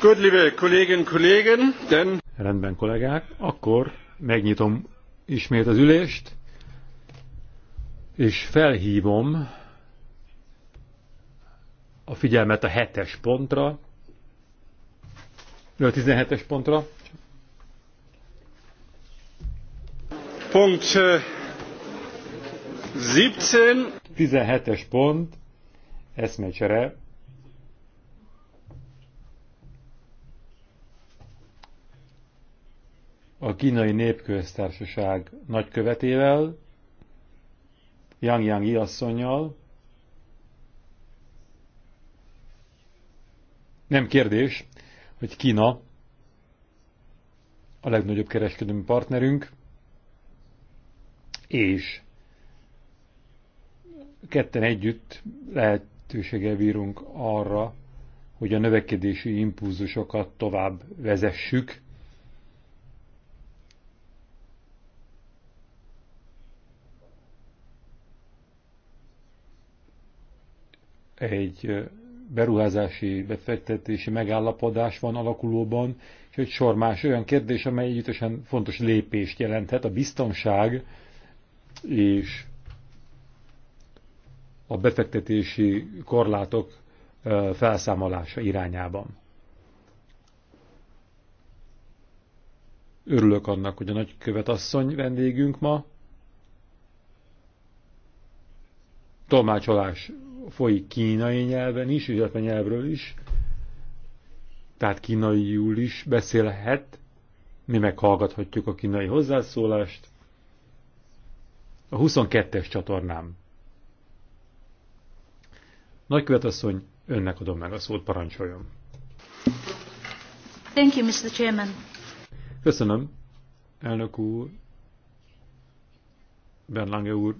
Gut, liebe Kolleginnen Kollegen, denn Rendben, kollégák, akkor megnyitom ismét az ülést, és felhívom a figyelmet a hetes pontra, a 17-es pontra, 17. Äh, es pont, eszmecsere. A kínai népköztársaság nagykövetével, Yang Yang asszonynal. Nem kérdés, hogy Kína a legnagyobb kereskedelmi partnerünk, és ketten együtt lehetőséggel bírunk arra, hogy a növekedési impulzusokat tovább vezessük, egy beruházási, befektetési megállapodás van alakulóban, és egy sor más olyan kérdés, amely együttesen fontos lépést jelenthet. A biztonság és a befektetési korlátok felszámolása irányában. Örülök annak, hogy a nagykövet asszony vendégünk ma. Tolmácsolás folyik kínai nyelven is, illetve nyelvről is, tehát kínaiul is beszélhet, mi meghallgathatjuk a kínai hozzászólást, a 22-es csatornám. Nagykövetasszony, önnek adom meg a szót, parancsoljon. Thank you, Mr. Chairman. Köszönöm, elnök úr, Berlange úr,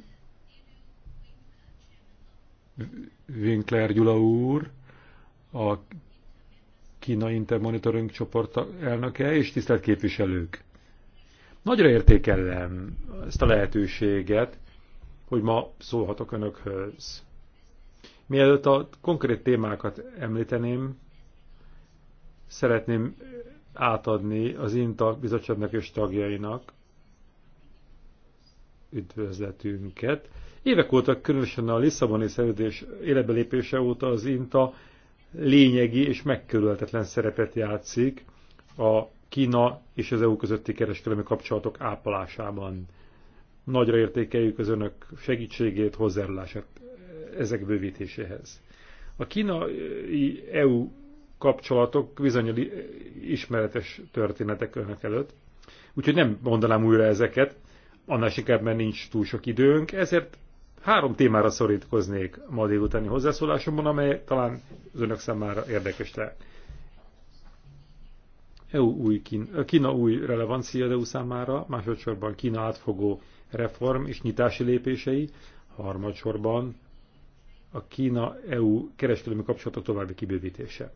Winkler Gyula úr, a Kína Intermonitoring csoport elnöke és tisztelt képviselők. Nagyra értékelem ezt a lehetőséget, hogy ma szólhatok önökhöz. Mielőtt a konkrét témákat említeném, szeretném átadni az INTA bizottságnak és tagjainak üdvözletünket. Évek óta, különösen a Lisszaboni szerződés életbelépése óta az INTA lényegi és megkerülhetetlen szerepet játszik a Kína és az EU közötti kereskedelmi kapcsolatok ápolásában. Nagyra értékeljük az önök segítségét, hozzárulását ezek bővítéséhez. A kínai-EU kapcsolatok bizony ismeretes történetek önök előtt, úgyhogy nem mondanám újra ezeket, annál inkább, mert nincs túl sok időnk, ezért három témára szorítkoznék ma délutáni hozzászólásomban, amely talán az önök számára érdekes lehet. EU új Kína, e Kína új relevancia de EU számára, másodszorban Kína átfogó reform és nyitási lépései, harmadsorban a Kína-EU kereskedelmi kapcsolatok további kibővítése.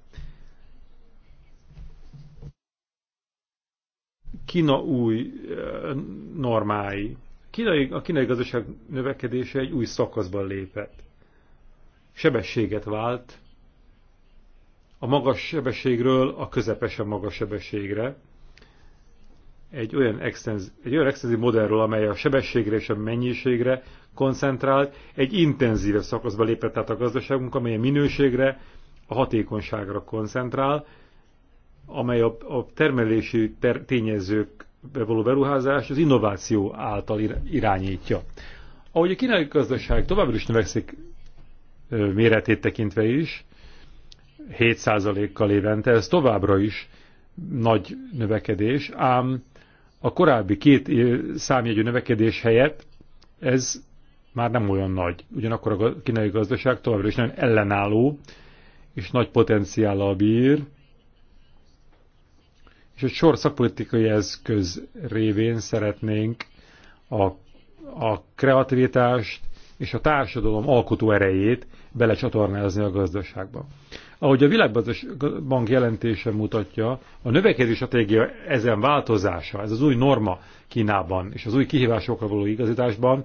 Kína új e, normái. Kínai, a kínai gazdaság növekedése egy új szakaszban lépett. Sebességet vált, a magas sebességről a közepesen magas sebességre, egy olyan, extenz, egy olyan extenzív modellről, amely a sebességre és a mennyiségre koncentrált, egy intenzíve szakaszba lépett át a gazdaságunk, amely a minőségre, a hatékonyságra koncentrál, amely a, a termelési ter, tényezők való beruházás az innováció által irányítja. Ahogy a kínai gazdaság továbbra is növekszik méretét tekintve is, 7%-kal évente, ez továbbra is nagy növekedés, ám a korábbi két számjegyű növekedés helyett ez már nem olyan nagy. Ugyanakkor a kínai gazdaság továbbra is nagyon ellenálló, és nagy potenciállal bír, és egy sor szakpolitikai eszköz révén szeretnénk a, a kreativitást és a társadalom alkotó erejét belecsatornázni a gazdaságba. Ahogy a Világbank jelentése mutatja, a növekedési stratégia ezen változása, ez az új norma Kínában és az új kihívásokra való igazításban,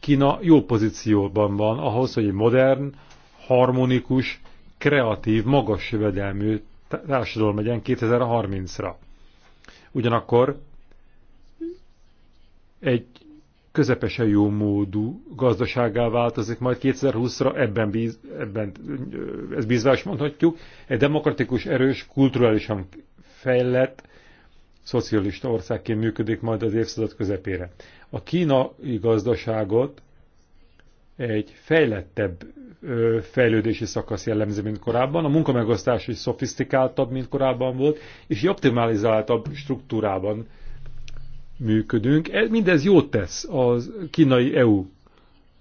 Kína jó pozícióban van ahhoz, hogy egy modern, harmonikus, kreatív, magas jövedelmű társadalom legyen 2030-ra. Ugyanakkor egy közepesen jó módú gazdaságá változik majd 2020-ra, ebben, bíz, ebben ez bízvás mondhatjuk, egy demokratikus, erős, kulturálisan fejlett, szocialista országként működik majd az évszázad közepére. A kínai gazdaságot egy fejlettebb fejlődési szakasz jellemző, mint korábban. A munkamegosztás is szofisztikáltabb, mint korábban volt, és optimalizáltabb struktúrában működünk. E, mindez jót tesz az kínai-EU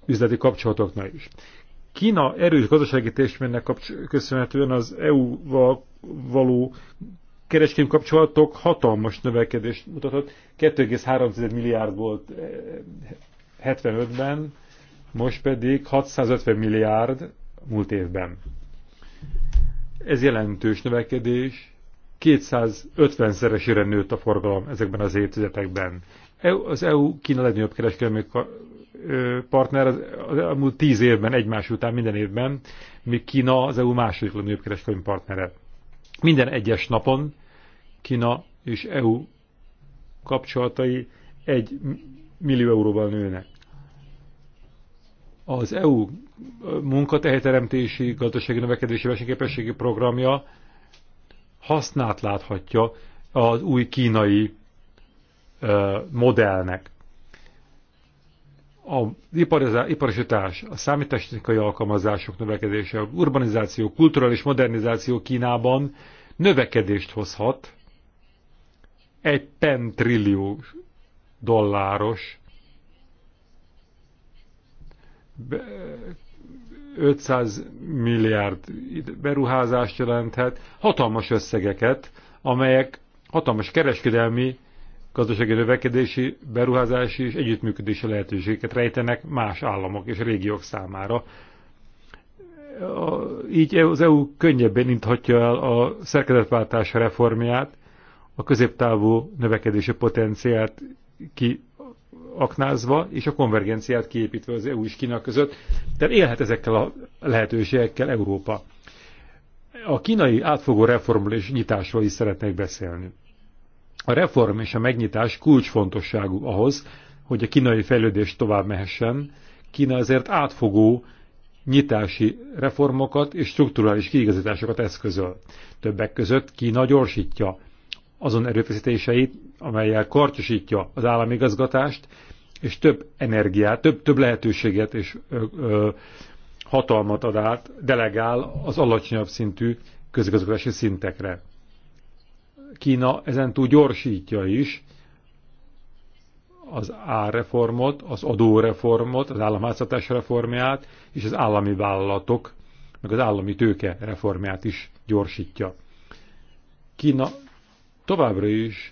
üzleti kapcsolatoknak is. Kína erős gazdasági testménynek köszönhetően az EU-val való kereskedelmi kapcsolatok hatalmas növekedést mutatott. 2,3 milliárd volt 75-ben, e, most pedig 650 milliárd múlt évben. Ez jelentős növekedés, 250-szeresére nőtt a forgalom ezekben az évtizedekben. E- az EU Kína legnagyobb kereskedelmi partner az elmúlt tíz évben, egymás után minden évben, míg Kína az EU második legnagyobb kereskedelmi partnere. Minden egyes napon Kína és EU kapcsolatai egy millió euróval nőnek. Az EU munkatehelyteremtési, gazdasági növekedési versenyképességi programja hasznát láthatja az új kínai modellnek. A iparosítás, a számítástechnikai alkalmazások növekedése, a urbanizáció, kulturális modernizáció Kínában növekedést hozhat egy pentrillió dolláros 500 milliárd beruházást jelenthet, hatalmas összegeket, amelyek hatalmas kereskedelmi, gazdasági növekedési, beruházási és együttműködési lehetőségeket rejtenek más államok és régiók számára. Így az EU könnyebben inthatja el a szerkezetváltás reformját, a középtávú növekedési potenciált kiaknázva és a konvergenciát kiépítve az EU és Kína között, tehát élhet ezekkel a lehetőségekkel Európa. A kínai átfogó reformról és nyitásról is szeretnék beszélni. A reform és a megnyitás kulcsfontosságú ahhoz, hogy a kínai fejlődés tovább mehessen. Kína ezért átfogó nyitási reformokat és strukturális kiigazításokat eszközöl. Többek között Kína gyorsítja azon erőfeszítéseit, amelyel kartosítja az államigazgatást, és több energiát, több, több lehetőséget és ö, ö, hatalmat ad át, delegál az alacsonyabb szintű közigazgatási szintekre. Kína ezentúl gyorsítja is az árreformot, az adóreformot, az államháztatás reformját és az állami vállalatok, meg az állami tőke reformját is gyorsítja. Kína továbbra is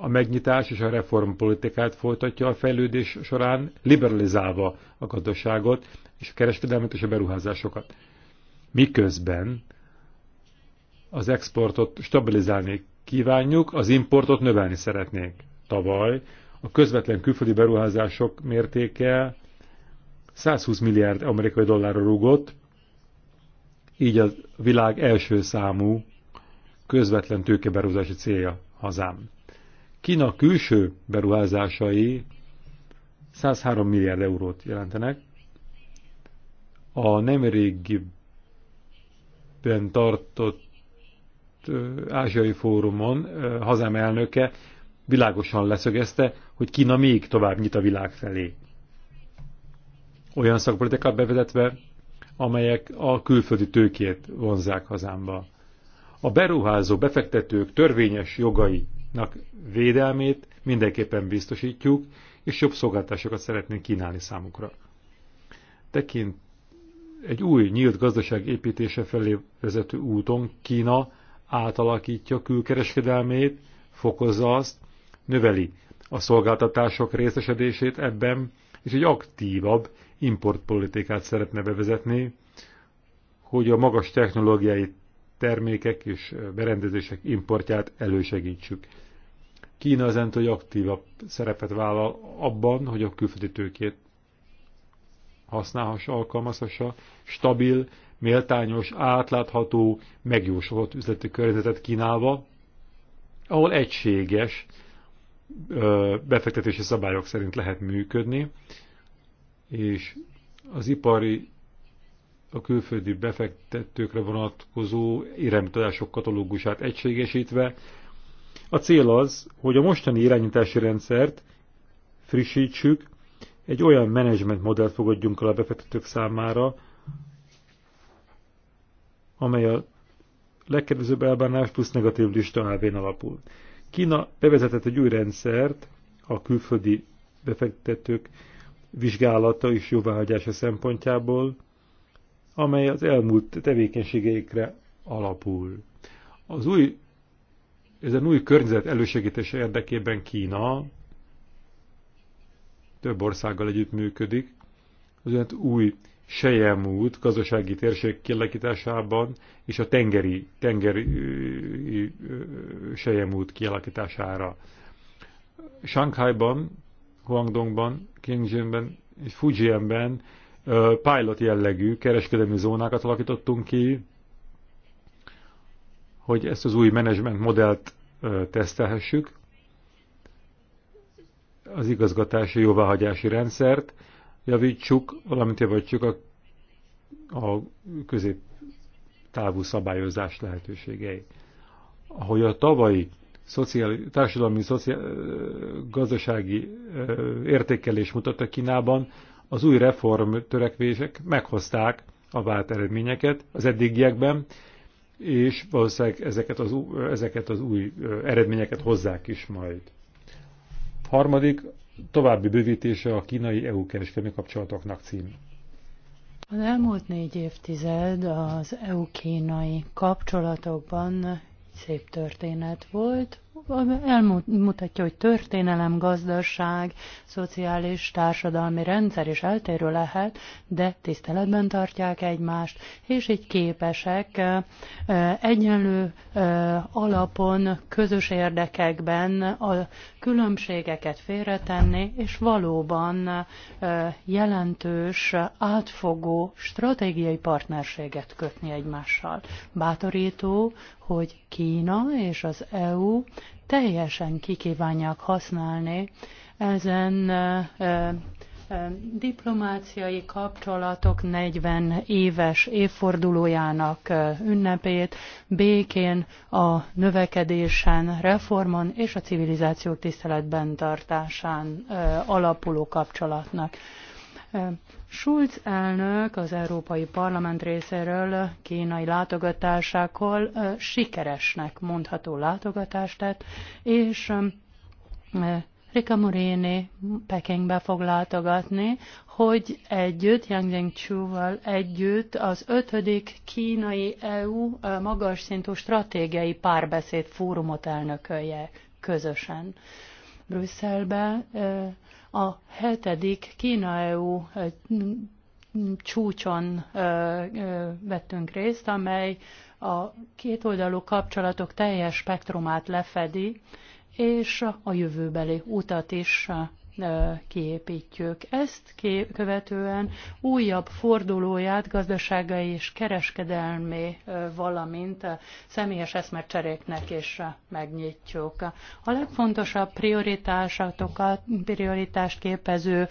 a megnyitás és a reformpolitikát folytatja a fejlődés során, liberalizálva a gazdaságot és a kereskedelmet és a beruházásokat. Miközben az exportot stabilizálni kívánjuk, az importot növelni szeretnénk. Tavaly a közvetlen külföldi beruházások mértéke 120 milliárd amerikai dollárra rúgott, így a világ első számú közvetlen tőkeberúzási célja hazám. Kína külső beruházásai 103 milliárd eurót jelentenek. A nemrégiben tartott ázsiai fórumon hazám elnöke világosan leszögezte, hogy Kína még tovább nyit a világ felé. Olyan szakpolitikát bevezetve, amelyek a külföldi tőkét vonzák hazámba. A beruházó befektetők törvényes jogai nak védelmét mindenképpen biztosítjuk, és jobb szolgáltásokat szeretnénk kínálni számukra. Tekint egy új nyílt gazdaság építése felé vezető úton Kína átalakítja külkereskedelmét, fokozza azt, növeli a szolgáltatások részesedését ebben, és egy aktívabb importpolitikát szeretne bevezetni, hogy a magas technológiai termékek és berendezések importját elősegítsük. Kína azent, hogy aktívabb szerepet vállal abban, hogy a külföldi tőkét használhassa, alkalmazhassa, stabil, méltányos, átlátható, megjósolható üzleti környezetet kínálva, ahol egységes befektetési szabályok szerint lehet működni, és az ipari a külföldi befektetőkre vonatkozó irányítások katalógusát egységesítve. A cél az, hogy a mostani irányítási rendszert frissítsük, egy olyan menedzsment modellt fogadjunk el a befektetők számára, amely a legkedvezőbb elbánás plusz negatív lista elvén alapul. Kína bevezetett egy új rendszert a külföldi befektetők vizsgálata és jóváhagyása szempontjából, amely az elmúlt tevékenységeikre alapul. Az új, ezen új környezet elősegítése érdekében Kína több országgal együttműködik, az új sejemút gazdasági térség kialakításában és a tengeri, tengeri sejemút kialakítására. Shanghaiban, Guangdongban, Kingzhenben és Fujianben pilot jellegű kereskedelmi zónákat alakítottunk ki, hogy ezt az új menedzsment modellt tesztelhessük, az igazgatási jóváhagyási rendszert javítsuk, valamint javítsuk a, a középtávú szabályozás lehetőségei. Ahogy a tavalyi szociál társadalmi szociál, gazdasági értékelés mutatta Kínában, az új reform törekvések meghozták a vált eredményeket az eddigiekben, és valószínűleg ezeket az, ezeket az új eredményeket hozzák is majd. Harmadik, további bővítése a kínai-EU kereskedelmi kapcsolatoknak cím. Az elmúlt négy évtized az EU-kínai kapcsolatokban szép történet volt, elmutatja, hogy történelem, gazdaság, szociális, társadalmi rendszer is eltérő lehet, de tiszteletben tartják egymást, és így képesek egyenlő alapon, közös érdekekben a különbségeket félretenni, és valóban jelentős, átfogó stratégiai partnerséget kötni egymással. Bátorító, hogy Kína és az EU teljesen kikívánják használni ezen diplomáciai kapcsolatok 40 éves évfordulójának ünnepét békén, a növekedésen, reformon és a civilizáció tiszteletben tartásán alapuló kapcsolatnak. Schulz elnök az Európai Parlament részéről kínai látogatásákkal sikeresnek mondható látogatást tett, és Rika Morini Pekingbe fog látogatni, hogy együtt, Yang Jingchu-val együtt az ötödik kínai EU magas szintű stratégiai párbeszéd fórumot elnökölje közösen. Brüsszelbe a hetedik Kína-EU csúcson vettünk részt, amely a kétoldalú kapcsolatok teljes spektrumát lefedi, és a jövőbeli utat is kiépítjük. Ezt követően újabb fordulóját gazdaságai és kereskedelmi, valamint személyes eszmecseréknek is megnyitjuk. A legfontosabb prioritásokat, prioritást képező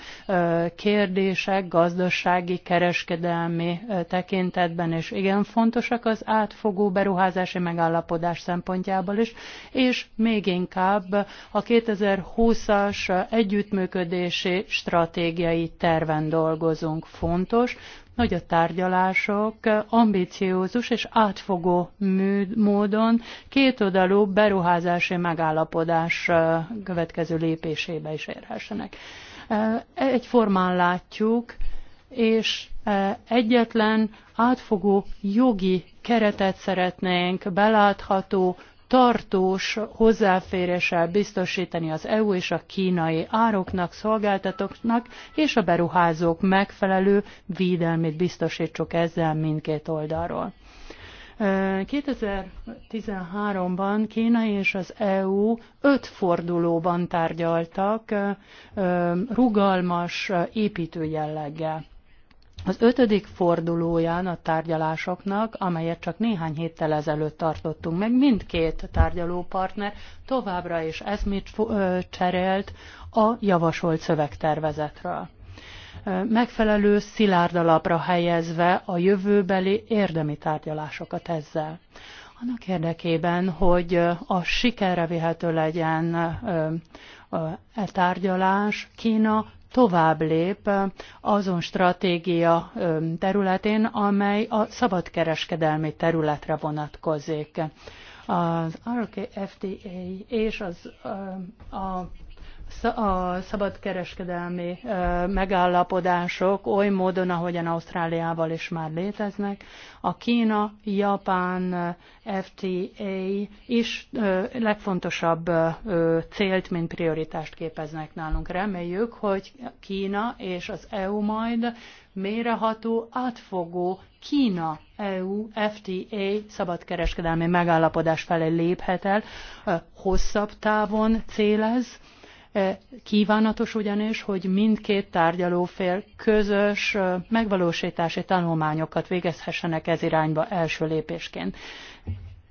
kérdések gazdasági, kereskedelmi tekintetben is igen fontosak az átfogó beruházási megállapodás szempontjából is, és még inkább a 2020-as együtt együttműködési stratégiai terven dolgozunk. Fontos, hogy a tárgyalások ambiciózus és átfogó módon kétoldalú beruházási megállapodás következő lépésébe is érhessenek. Egyformán látjuk, és egyetlen átfogó jogi keretet szeretnénk, belátható tartós hozzáféréssel biztosítani az EU és a kínai ároknak, szolgáltatóknak és a beruházók megfelelő védelmét biztosítsuk ezzel mindkét oldalról. 2013-ban Kína és az EU öt fordulóban tárgyaltak rugalmas építőjelleggel. Az ötödik fordulóján a tárgyalásoknak, amelyet csak néhány héttel ezelőtt tartottunk meg, mindkét tárgyalópartner továbbra is eszmét cserélt a javasolt szövegtervezetről. Megfelelő szilárd alapra helyezve a jövőbeli érdemi tárgyalásokat ezzel. Annak érdekében, hogy a sikerre vihető legyen e tárgyalás, Kína tovább lép azon stratégia területén, amely a szabadkereskedelmi területre vonatkozik. Az RKFTA és az, a a szabadkereskedelmi megállapodások oly módon, ahogyan Ausztráliával is már léteznek, a Kína-Japán FTA is legfontosabb célt, mint prioritást képeznek nálunk. Reméljük, hogy Kína és az EU majd méreható, átfogó Kína-EU FTA szabadkereskedelmi megállapodás felé léphet el, hosszabb távon célez, E, kívánatos ugyanis, hogy mindkét tárgyalófél közös e, megvalósítási tanulmányokat végezhessenek ez irányba első lépésként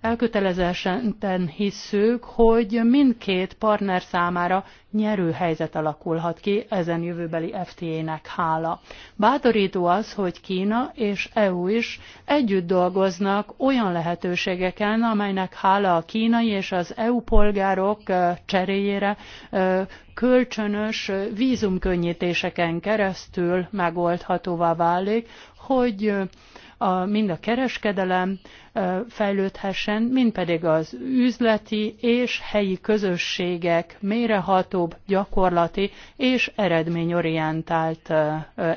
elkötelezetten hisszük, hogy mindkét partner számára nyerő helyzet alakulhat ki ezen jövőbeli FTA-nek hála. Bátorító az, hogy Kína és EU is együtt dolgoznak olyan lehetőségeken, amelynek hála a kínai és az EU polgárok cseréjére kölcsönös vízumkönnyítéseken keresztül megoldhatóvá válik, hogy a, mind a kereskedelem fejlődhessen, mind pedig az üzleti és helyi közösségek mérehatóbb, gyakorlati és eredményorientált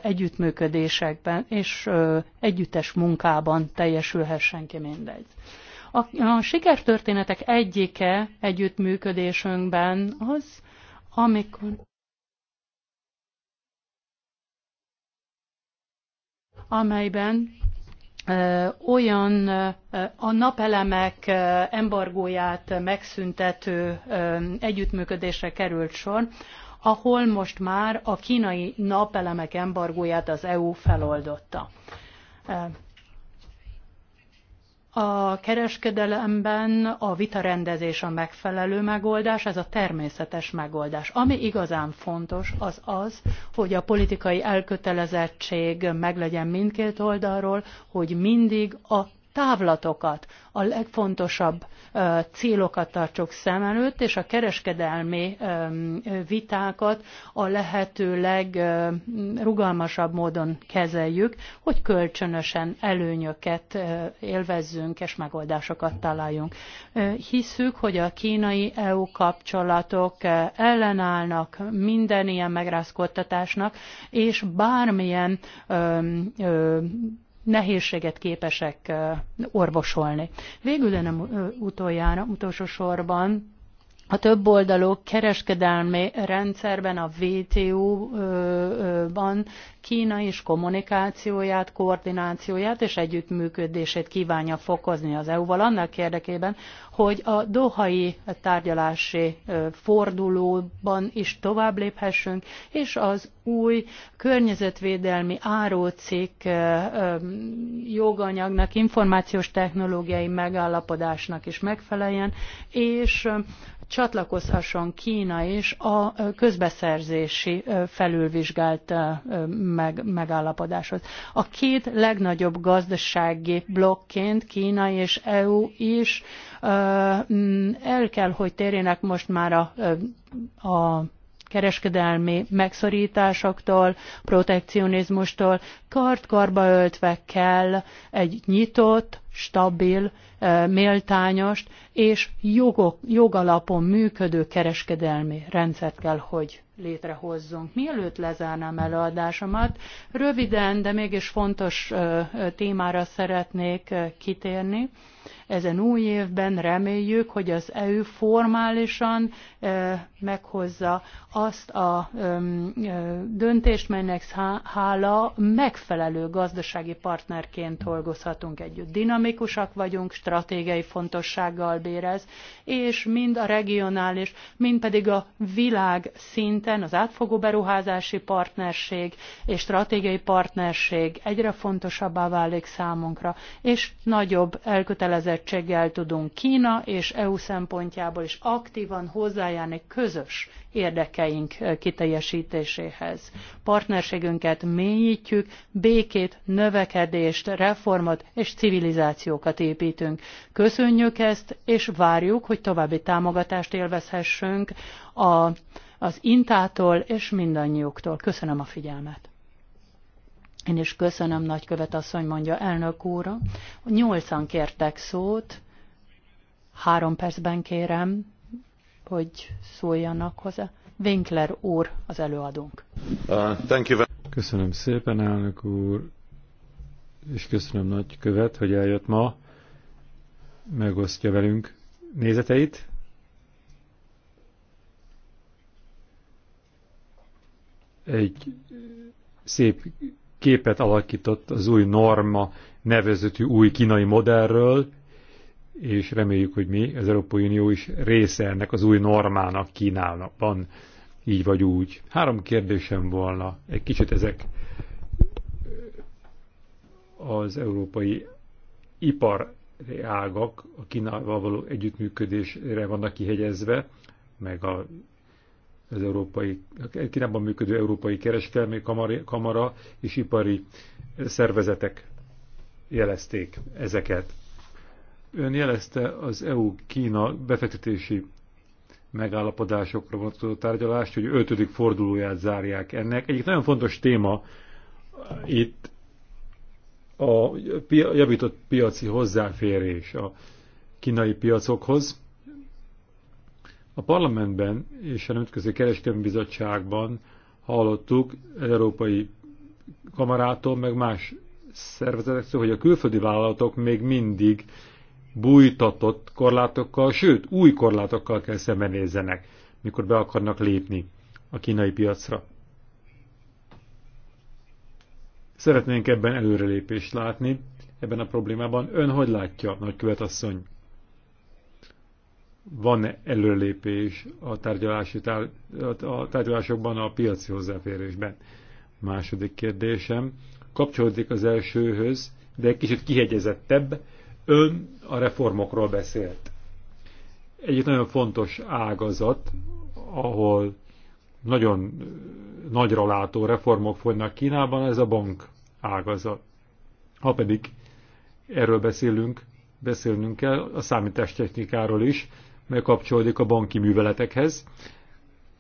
együttműködésekben és együttes munkában teljesülhessen ki mindegy. A, a sikertörténetek egyike együttműködésünkben az, amikor amelyben olyan a napelemek embargóját megszüntető együttműködésre került sor, ahol most már a kínai napelemek embargóját az EU feloldotta. A kereskedelemben a vitarendezés a megfelelő megoldás, ez a természetes megoldás. Ami igazán fontos, az az, hogy a politikai elkötelezettség meglegyen mindkét oldalról, hogy mindig a távlatokat, a legfontosabb célokat tartsuk szem előtt, és a kereskedelmi vitákat a lehető legrugalmasabb módon kezeljük, hogy kölcsönösen előnyöket élvezzünk és megoldásokat találjunk. Hiszük, hogy a kínai-EU kapcsolatok ellenállnak minden ilyen megrázkodtatásnak, és bármilyen nehézséget képesek orvosolni. Végül, de nem utoljára, utolsó sorban a több oldalú kereskedelmi rendszerben, a WTO-ban Kína is kommunikációját, koordinációját és együttműködését kívánja fokozni az EU-val annak érdekében, hogy a dohai tárgyalási fordulóban is tovább léphessünk, és az új környezetvédelmi árócikk joganyagnak, információs technológiai megállapodásnak is megfeleljen, és csatlakozhasson Kína is a közbeszerzési felülvizsgált meg, megállapodáshoz. A két legnagyobb gazdasági blokként Kína és EU is el kell, hogy térjenek most már a, a kereskedelmi megszorításoktól, protekcionizmustól, kart-karba öltve kell egy nyitott, stabil, méltányos és jogok, jogalapon működő kereskedelmi rendszert kell, hogy létrehozzunk. Mielőtt lezárnám előadásomat, röviden, de mégis fontos témára szeretnék kitérni ezen új évben reméljük, hogy az EU formálisan eh, meghozza azt a eh, döntést, melynek hála megfelelő gazdasági partnerként dolgozhatunk együtt. Dinamikusak vagyunk, stratégiai fontossággal bérez, és mind a regionális, mind pedig a világ szinten az átfogó beruházási partnerség és stratégiai partnerség egyre fontosabbá válik számunkra, és nagyobb elkötelezettség kötelezettséggel tudunk Kína és EU szempontjából is aktívan hozzájárni közös érdekeink kiteljesítéséhez. Partnerségünket mélyítjük, békét, növekedést, reformot és civilizációkat építünk. Köszönjük ezt, és várjuk, hogy további támogatást élvezhessünk a, az Intától és mindannyiuktól. Köszönöm a figyelmet. Én is köszönöm, nagykövet asszony mondja elnök úra. Nyolcan kértek szót, három percben kérem, hogy szóljanak hozzá. Winkler úr az előadónk. Uh, thank you. Köszönöm szépen, elnök úr, és köszönöm nagykövet, hogy eljött ma, megosztja velünk nézeteit. Egy szép képet alakított az új norma nevezetű új kínai modellről, és reméljük, hogy mi, az Európai Unió is része ennek az új normának Kínának van, így vagy úgy. Három kérdésem volna, egy kicsit ezek az európai ipar ágak a Kínával való együttműködésre vannak kihegyezve, meg a az európai, Kínában működő Európai Kereskedelmi Kamara, Kamara és ipari szervezetek jelezték ezeket. Ön jelezte az EU-Kína befektetési megállapodásokra vonatkozó tárgyalást, hogy ötödik fordulóját zárják ennek. Egyik nagyon fontos téma itt a javított piaci hozzáférés a kínai piacokhoz a parlamentben és a Nemzetközi Kereskedelmi Bizottságban hallottuk az Európai Kamarától, meg más szervezetektől, hogy a külföldi vállalatok még mindig bújtatott korlátokkal, sőt, új korlátokkal kell szembenézzenek, mikor be akarnak lépni a kínai piacra. Szeretnénk ebben előrelépést látni, ebben a problémában. Ön hogy látja, nagykövetasszony? asszony? van előlépés a, tárgyalási tár, a tárgyalásokban a piaci hozzáférésben. Második kérdésem kapcsolódik az elsőhöz, de egy kicsit kihegyezettebb. Ön a reformokról beszélt. Egyik nagyon fontos ágazat, ahol nagyon nagyra látó reformok folynak Kínában, ez a bank ágazat. Ha pedig erről beszélünk, beszélnünk kell a számítástechnikáról is, mert kapcsolódik a banki műveletekhez,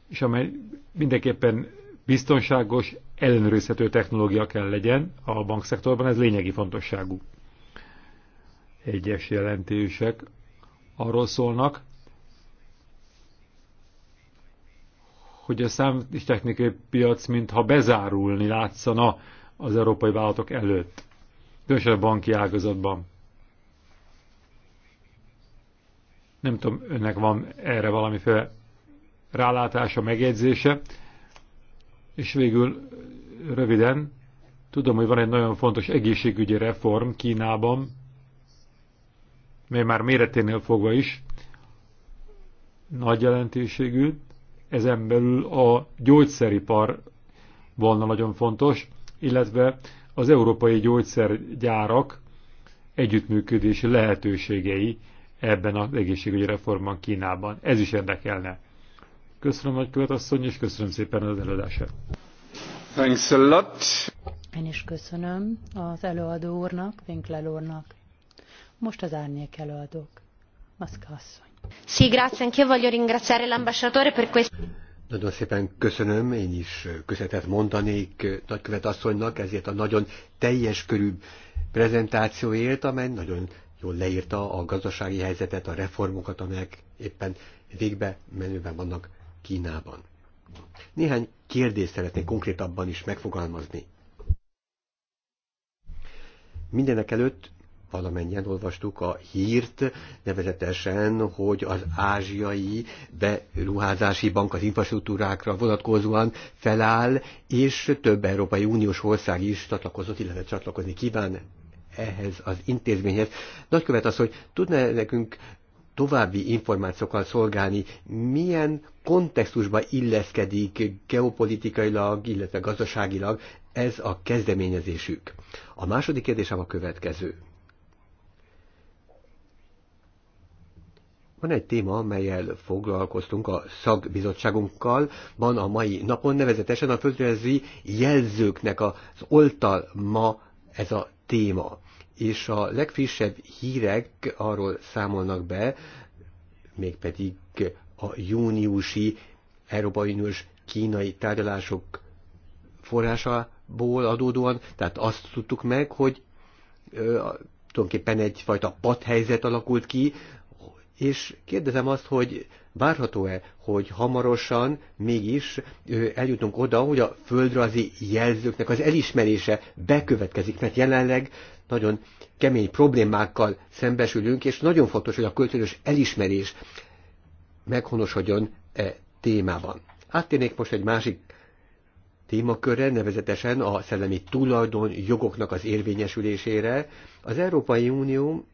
és amely mindenképpen biztonságos, ellenőrizhető technológia kell legyen a bankszektorban, ez lényegi fontosságú. Egyes jelentések arról szólnak, hogy a számítástechnikai piac mintha bezárulni látszana az európai vállalatok előtt, különösen a banki ágazatban. Nem tudom, önnek van erre valamiféle rálátása, megjegyzése. És végül röviden, tudom, hogy van egy nagyon fontos egészségügyi reform Kínában, mely már méreténél fogva is nagy jelentőségű. Ezen belül a gyógyszeripar volna nagyon fontos, illetve az európai gyógyszergyárak együttműködési lehetőségei ebben az egészségügyi reformban Kínában. Ez is érdekelne. Köszönöm, nagykövet asszony, és köszönöm szépen az előadását. Thanks a lot. Én is köszönöm az előadó úrnak, Winkler úrnak. Most az árnyék előadók. Maszka asszony. Sì, grazie, anche voglio ringraziare l'ambasciatore per questo. Nagyon szépen köszönöm, én is köszönetet mondanék nagykövet asszonynak ezért a nagyon teljes körű prezentációért, amely nagyon jól leírta a gazdasági helyzetet, a reformokat, amelyek éppen végbe menőben vannak Kínában. Néhány kérdést szeretnék konkrétabban is megfogalmazni. Mindenek előtt valamennyien olvastuk a hírt, nevezetesen, hogy az ázsiai beruházási bank az infrastruktúrákra vonatkozóan feláll, és több Európai Uniós ország is csatlakozott, illetve csatlakozni kíván ehhez az intézményhez. Nagykövet az, hogy tudná nekünk további információkkal szolgálni, milyen kontextusba illeszkedik geopolitikailag, illetve gazdaságilag ez a kezdeményezésük. A második kérdésem a következő. Van egy téma, amelyel foglalkoztunk a szakbizottságunkkal, van a mai napon, nevezetesen a földrajzi jelzőknek az oltalma ez a téma és a legfrissebb hírek arról számolnak be, mégpedig a júniusi Európai Uniós kínai tárgyalások forrásából adódóan, tehát azt tudtuk meg, hogy ö, tulajdonképpen egyfajta padhelyzet alakult ki és kérdezem azt, hogy várható-e, hogy hamarosan mégis eljutunk oda, hogy a földrajzi jelzőknek az elismerése bekövetkezik, mert jelenleg nagyon kemény problémákkal szembesülünk, és nagyon fontos, hogy a költözős elismerés meghonosodjon e témában. Áttérnék most egy másik témakörre, nevezetesen a szellemi tulajdon jogoknak az érvényesülésére. Az Európai Unió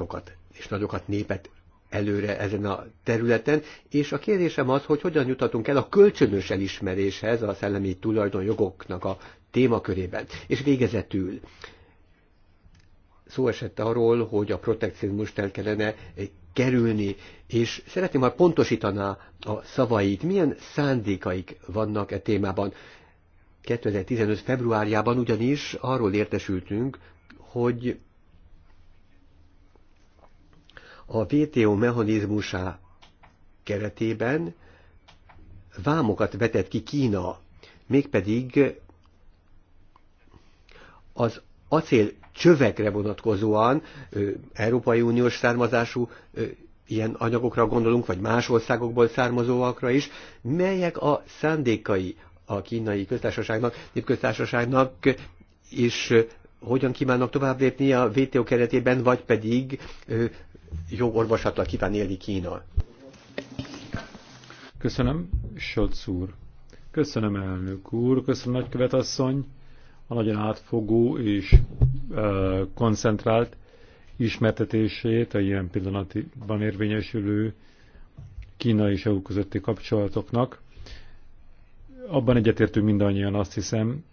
sokat és nagyokat népet előre ezen a területen, és a kérdésem az, hogy hogyan jutatunk el a kölcsönös elismeréshez a szellemi tulajdonjogoknak a témakörében. És végezetül szó esett arról, hogy a protekcionizmust el kellene eh, kerülni, és szeretném, ha pontosítaná a szavait, milyen szándékaik vannak e témában. 2015. februárjában ugyanis arról értesültünk, hogy a VTO mechanizmusá keretében vámokat vetett ki Kína, mégpedig az acél csövekre vonatkozóan Európai Uniós származású ilyen anyagokra gondolunk, vagy más országokból származóakra is, melyek a szándékai a kínai köztársaságnak, népköztársaságnak, és hogyan kívánnak tovább lépni a VTO keretében, vagy pedig jó orvosatlan kíván élni Kína. Köszönöm, Sotsz úr. Köszönöm, elnök úr. Köszönöm, nagykövetasszony. A nagyon átfogó és ö, koncentrált ismertetését a ilyen pillanatban érvényesülő Kína és EU közötti kapcsolatoknak. Abban egyetértünk mindannyian azt hiszem,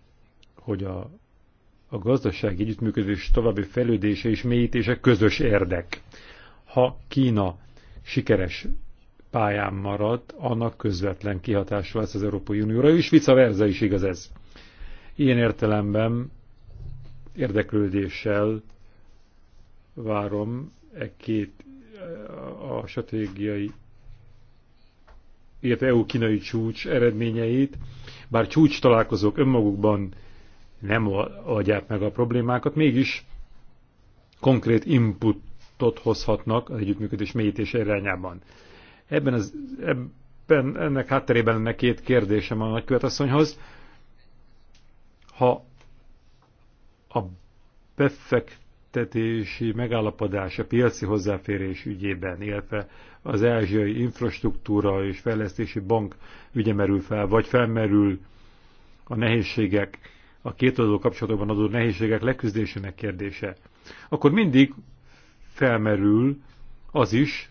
hogy a, a gazdasági együttműködés további fejlődése és mélyítése közös érdek ha Kína sikeres pályán marad, annak közvetlen kihatása lesz az Európai Unióra, és vice versa is igaz ez. Ilyen értelemben érdeklődéssel várom e két a stratégiai illetve EU-kínai csúcs eredményeit, bár csúcs találkozók önmagukban nem adják meg a problémákat, mégis konkrét input tot hozhatnak az együttműködés mélyítése irányában. Ebben, az, ebben ennek hátterében lenne két kérdésem a nagykövetasszonyhoz. Ha a befektetési megállapodás a piaci hozzáférés ügyében, illetve az ázsiai infrastruktúra és fejlesztési bank ügye merül fel, vagy felmerül a nehézségek, a két oldalú kapcsolatokban adó nehézségek leküzdésének kérdése, akkor mindig felmerül az is,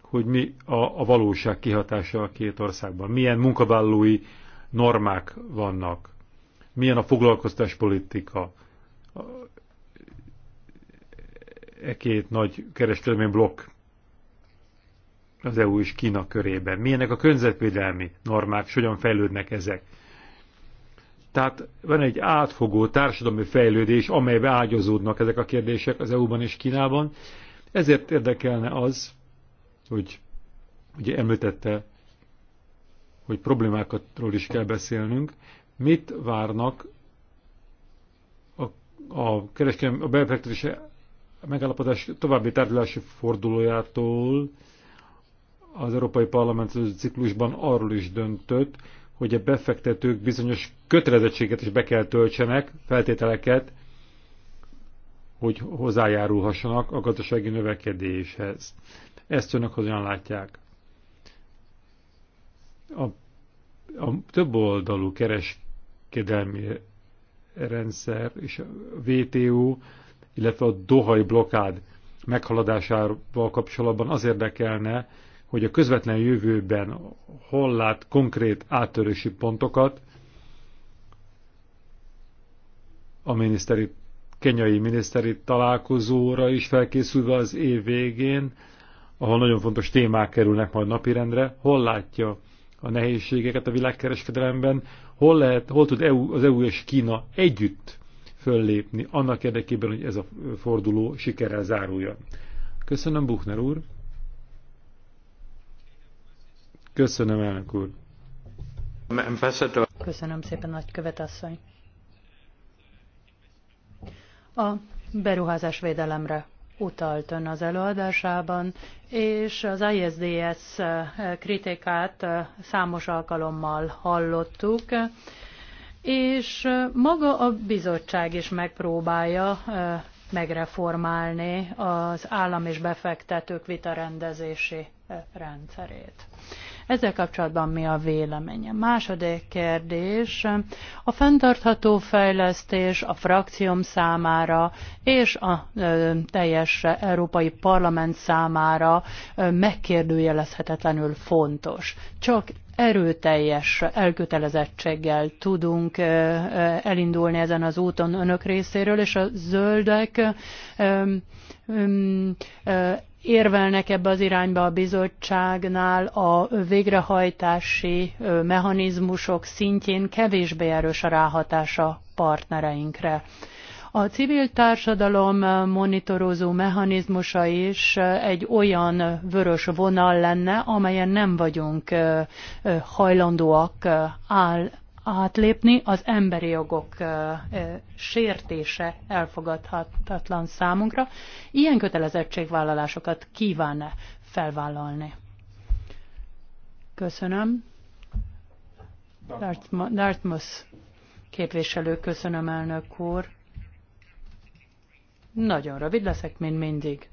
hogy mi a, a valóság kihatása a két országban. Milyen munkavállalói normák vannak, milyen a foglalkoztáspolitika e két nagy kereskedelmi blokk az EU és Kína körében. Milyenek a környezetvédelmi normák, és hogyan fejlődnek ezek. Tehát van egy átfogó társadalmi fejlődés, amelybe ágyazódnak ezek a kérdések az EU-ban és Kínában. Ezért érdekelne az, hogy ugye említette, hogy problémákatról is kell beszélnünk, mit várnak a, a, kereskedelmi, a befektetési megállapodás további tárgyalási fordulójától az Európai Parlament ciklusban arról is döntött, hogy a befektetők bizonyos kötelezettséget is be kell töltsenek, feltételeket, hogy hozzájárulhassanak a gazdasági növekedéshez. Ezt önök hogyan látják? A, a több oldalú kereskedelmi rendszer és a WTO, illetve a Dohai blokád meghaladásával kapcsolatban az érdekelne, hogy a közvetlen jövőben hol lát konkrét áttörési pontokat a miniszteri, kenyai miniszteri találkozóra is felkészülve az év végén, ahol nagyon fontos témák kerülnek majd napirendre, hol látja a nehézségeket a világkereskedelemben, hol, lehet, hol tud EU, az EU és Kína együtt föllépni annak érdekében, hogy ez a forduló sikerrel záruljon. Köszönöm, Buchner úr! Köszönöm, elnök úr. Köszönöm szépen, nagy követasszony. A beruházás védelemre utalt ön az előadásában, és az ISDS eh, kritikát eh, számos alkalommal hallottuk, és eh, maga a bizottság is megpróbálja megreformálni az állam és befektetők vitarendezési rendszerét. Ezzel kapcsolatban mi a véleménye? Második kérdés, a fenntartható fejlesztés a frakcióm számára és a ö, teljes Európai Parlament számára ö, megkérdőjelezhetetlenül fontos. Csak erőteljes elkötelezettséggel tudunk elindulni ezen az úton önök részéről, és a zöldek érvelnek ebbe az irányba a bizottságnál, a végrehajtási mechanizmusok szintjén kevésbé erős a ráhatása partnereinkre. A civil társadalom monitorozó mechanizmusa is egy olyan vörös vonal lenne, amelyen nem vagyunk hajlandóak áll átlépni, az emberi jogok sértése elfogadhatatlan számunkra. Ilyen kötelezettségvállalásokat kíván-e felvállalni? Köszönöm. Dartmouth képviselő, köszönöm elnök úr. Nagyon rövid leszek, mint mindig.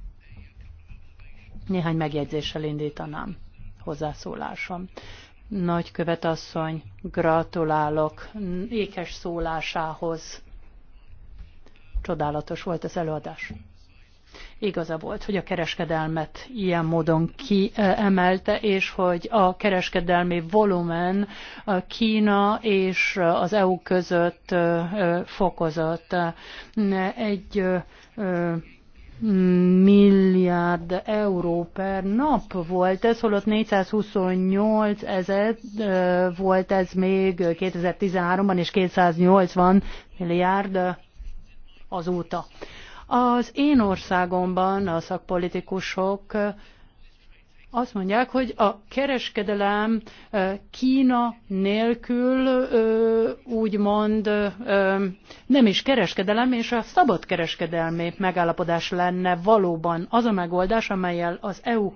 Néhány megjegyzéssel indítanám hozzászólásom. Nagykövet asszony, gratulálok ékes szólásához. Csodálatos volt az előadás. Igaza volt, hogy a kereskedelmet ilyen módon kiemelte, és hogy a kereskedelmi volumen a Kína és az EU között fokozott. Egy milliárd euró per nap volt ez, holott 428 ezer volt ez még 2013-ban, és 280 milliárd azóta. Az én országomban a szakpolitikusok azt mondják, hogy a kereskedelem Kína nélkül úgymond nem is kereskedelem, és a szabad kereskedelmi megállapodás lenne valóban az a megoldás, amelyel az EU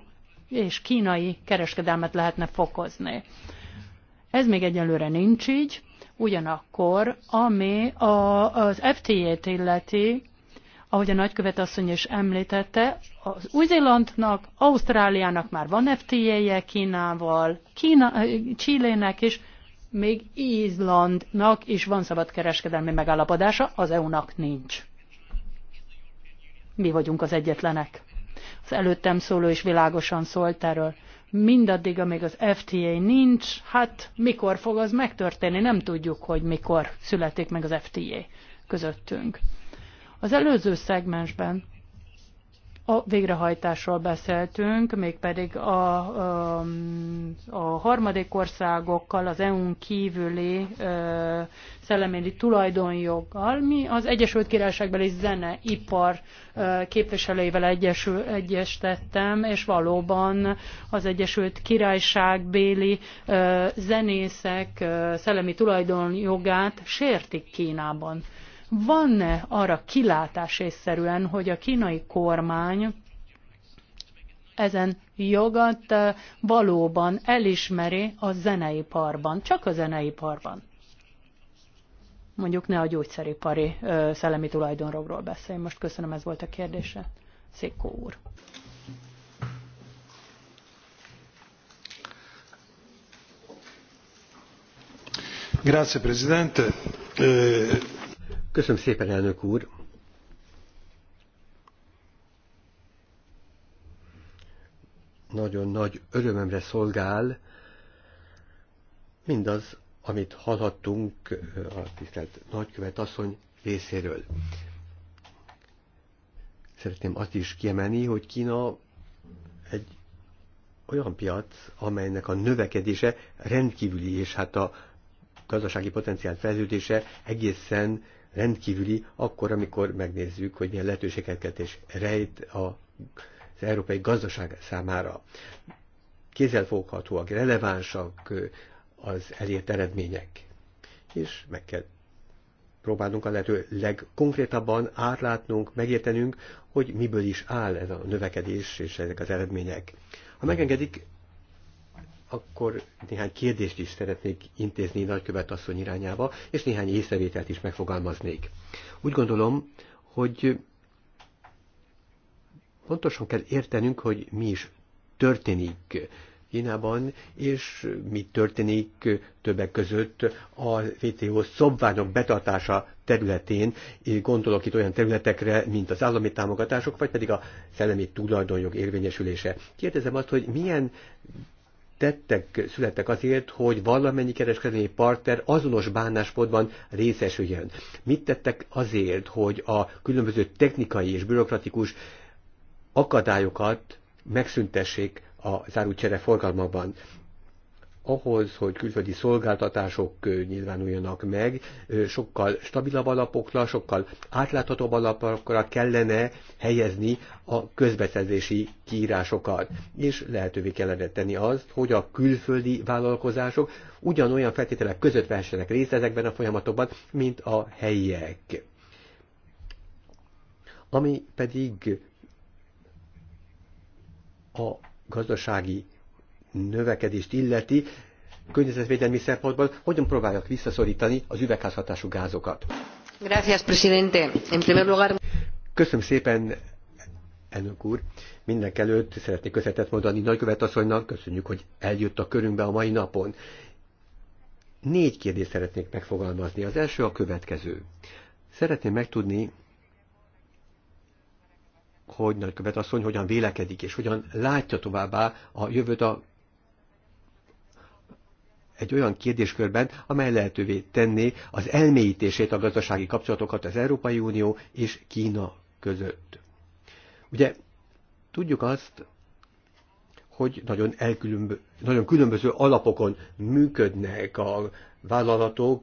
és kínai kereskedelmet lehetne fokozni. Ez még egyelőre nincs így, ugyanakkor ami a, az FTA-t illeti, ahogy a nagykövet asszony is említette, az Új-Zélandnak, Ausztráliának már van FTA-je Kínával, Kína, eh, Csillének is, még Izlandnak is van szabadkereskedelmi megállapodása, az EU-nak nincs. Mi vagyunk az egyetlenek. Az előttem szóló is világosan szólt erről. Mindaddig, amíg az FTA nincs, hát mikor fog az megtörténni, nem tudjuk, hogy mikor születik meg az FTA közöttünk. Az előző szegmensben a végrehajtásról beszéltünk, mégpedig a, a, a harmadik országokkal, az EU-n kívüli ö, szelleméli tulajdonjoggal. Mi az Egyesült Királyságbeli zeneipar képviselőivel egyesül, egyestettem, és valóban az Egyesült Királyságbéli zenészek ö, szellemi tulajdonjogát sértik Kínában. Van-e arra kilátás észszerűen, hogy a kínai kormány ezen jogat eh, valóban elismeri a zeneiparban, csak a zeneiparban? Mondjuk ne a gyógyszeripari ö, eh, szellemi tulajdonrogról beszélj. Most köszönöm, ez volt a kérdése. Székó úr. Grazie, Presidente. Eh, Köszönöm szépen, elnök úr. Nagyon nagy örömömre szolgál mindaz, amit hallhattunk eh, a tisztelt nagykövet asszony részéről. Szeretném azt is kiemelni, hogy Kína egy olyan piac, amelynek a növekedése rendkívüli, és hát a gazdasági potenciál fejlődése egészen rendkívüli, akkor, amikor megnézzük, hogy milyen lehetőségeket és rejt a az európai gazdaság számára. Kézzelfoghatóak, relevánsak az elért eredmények. És meg kell próbálnunk a lehető legkonkrétabban átlátnunk, megértenünk, hogy miből is áll ez a növekedés és ezek az eredmények. Ha megengedik, akkor néhány kérdést is szeretnék intézni nagykövet asszony irányába, és néhány észrevételt is megfogalmaznék. Úgy gondolom, hogy pontosan kell értenünk, hogy mi is történik Kínában, és mi történik többek között a WTO szobványok betartása területén, gondolok itt olyan területekre, mint az állami támogatások, vagy pedig a szellemi tulajdonjog érvényesülése. Kérdezem azt, hogy milyen tettek, születtek azért, hogy valamennyi kereskedelmi partner azonos bánásmódban részesüljön. Mit tettek azért, hogy a különböző technikai és bürokratikus akadályokat megszüntessék a zárulcsere forgalmában? ahhoz, hogy külföldi szolgáltatások nyilvánuljanak meg, sokkal stabilabb alapokra, sokkal átláthatóbb alapokra kellene helyezni a közbeszerzési kiírásokat, és lehetővé kellene tenni azt, hogy a külföldi vállalkozások ugyanolyan feltételek között vehessenek részt ezekben a folyamatokban, mint a helyiek. Ami pedig a gazdasági növekedést illeti, környezetvédelmi szempontból hogyan próbálják visszaszorítani az üvegházhatású gázokat. Gracias, presidente. En primer lugar... Köszönöm szépen, elnök úr. Mindenek előtt szeretnék köszönetet mondani nagykövet asszonynak, köszönjük, hogy eljött a körünkbe a mai napon. Négy kérdést szeretnék megfogalmazni. Az első a következő. Szeretném megtudni, hogy nagykövet asszony hogyan vélekedik, és hogyan látja továbbá a jövőt a egy olyan kérdéskörben, amely lehetővé tenné az elmélyítését a gazdasági kapcsolatokat az Európai Unió és Kína között. Ugye tudjuk azt, hogy nagyon, elkülönbö- nagyon különböző alapokon működnek a vállalatok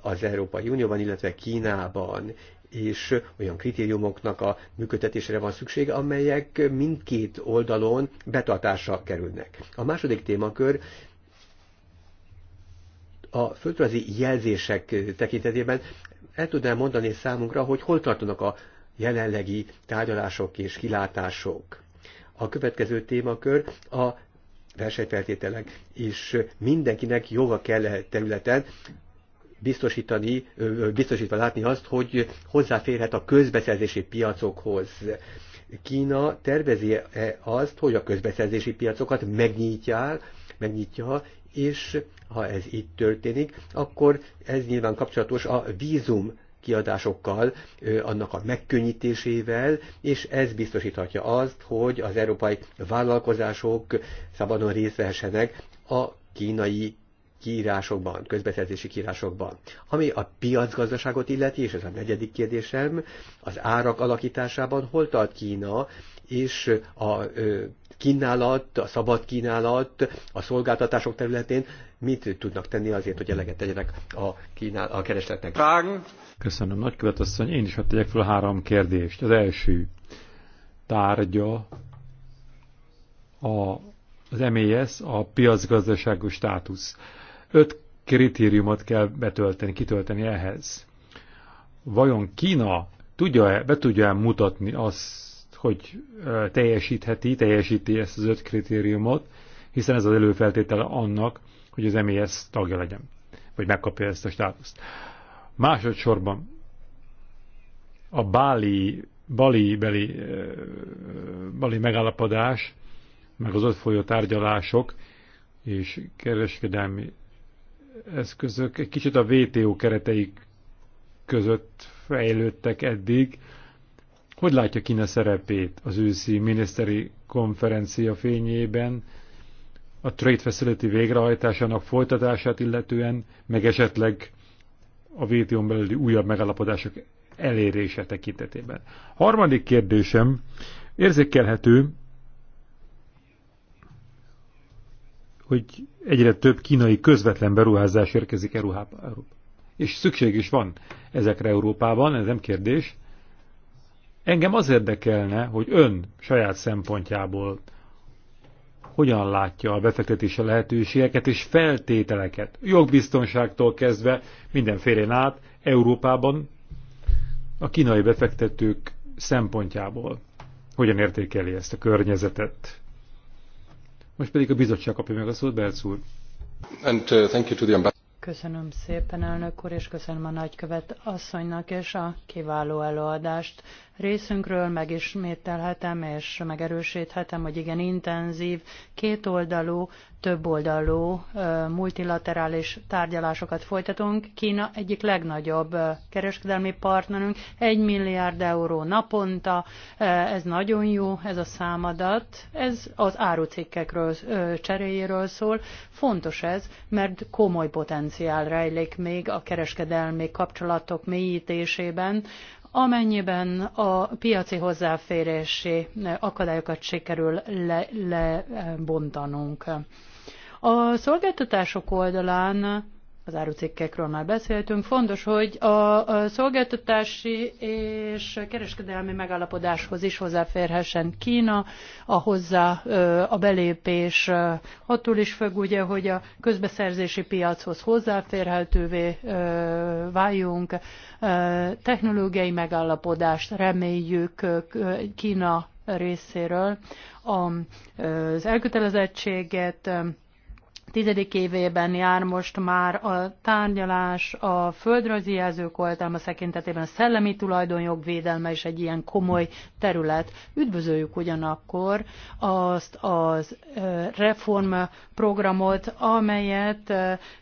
az Európai Unióban, illetve Kínában, és olyan kritériumoknak a működtetésre van szükség, amelyek mindkét oldalon betartásra kerülnek. A második témakör a földrajzi jelzések tekintetében el tudnám mondani számunkra, hogy hol tartanak a jelenlegi tárgyalások és kilátások. A következő témakör a versenyfeltételek, és mindenkinek joga kell e területen biztosítani, biztosítva látni azt, hogy hozzáférhet a közbeszerzési piacokhoz. Kína tervezi -e azt, hogy a közbeszerzési piacokat megnyitja, megnyitja, és ha ez így történik, akkor ez nyilván kapcsolatos a vízum kiadásokkal, annak a megkönnyítésével, és ez biztosíthatja azt, hogy az európai vállalkozások szabadon részt vehessenek a kínai kiírásokban, közbeszerzési kiírásokban. Ami a piacgazdaságot illeti, és ez a negyedik kérdésem, az árak alakításában hol tart Kína és a kínálat, a szabad kínálat a szolgáltatások területén mit tudnak tenni azért, hogy eleget tegyenek a, kínál, a keresletnek. Köszönöm, nagykövet asszony. Én is hadd tegyek fel három kérdést. Az első tárgya a, az MES, a piacgazdaságú státusz. Öt kritériumot kell betölteni, kitölteni ehhez. Vajon Kína tudja-e, be tudja-e mutatni azt, hogy teljesítheti, teljesíti ezt az öt kritériumot, hiszen ez az előfeltétele annak, hogy az MES tagja legyen, vagy megkapja ezt a státuszt. Másodszorban a báli, bali, beli, bali megállapodás, meg az ott folyó tárgyalások és kereskedelmi eszközök egy kicsit a WTO keretei között fejlődtek eddig, hogy látja Kína szerepét az őszi miniszteri konferencia fényében, a Trade Facility végrehajtásának folytatását illetően, meg esetleg a WTO-n belüli újabb megállapodások elérése tekintetében. Harmadik kérdésem, érzékelhető, hogy egyre több kínai közvetlen beruházás érkezik Európába. És szükség is van ezekre Európában, ez nem kérdés, Engem az érdekelne, hogy ön saját szempontjából hogyan látja a befektetési lehetőségeket és feltételeket, jogbiztonságtól kezdve mindenfélén át Európában a kínai befektetők szempontjából. Hogyan értékeli ezt a környezetet? Most pedig a bizottság kapja meg a szót, Berc úr. And, uh, thank you to the köszönöm szépen, elnök úr, és köszönöm a nagykövet asszonynak és a kiváló előadást részünkről megismételhetem és megerősíthetem, hogy igen intenzív, kétoldalú, többoldalú multilaterális tárgyalásokat folytatunk. Kína egyik legnagyobb kereskedelmi partnerünk, egy milliárd euró naponta, ez nagyon jó, ez a számadat, ez az árucikkekről, cseréjéről szól. Fontos ez, mert komoly potenciál rejlik még a kereskedelmi kapcsolatok mélyítésében, amennyiben a piaci hozzáférési akadályokat sikerül lebontanunk. Le, a szolgáltatások oldalán az árucikkekről már beszéltünk. Fontos, hogy a szolgáltatási és kereskedelmi megállapodáshoz is hozzáférhessen Kína, a hozzá a belépés attól is függ, ugye, hogy a közbeszerzési piachoz hozzáférhetővé váljunk. Technológiai megállapodást reméljük Kína részéről az elkötelezettséget tizedik évében jár most már a tárgyalás, a földrajzi jelzők oltalma szekintetében a szellemi tulajdonjog védelme is egy ilyen komoly terület. Üdvözöljük ugyanakkor azt az reformprogramot, amelyet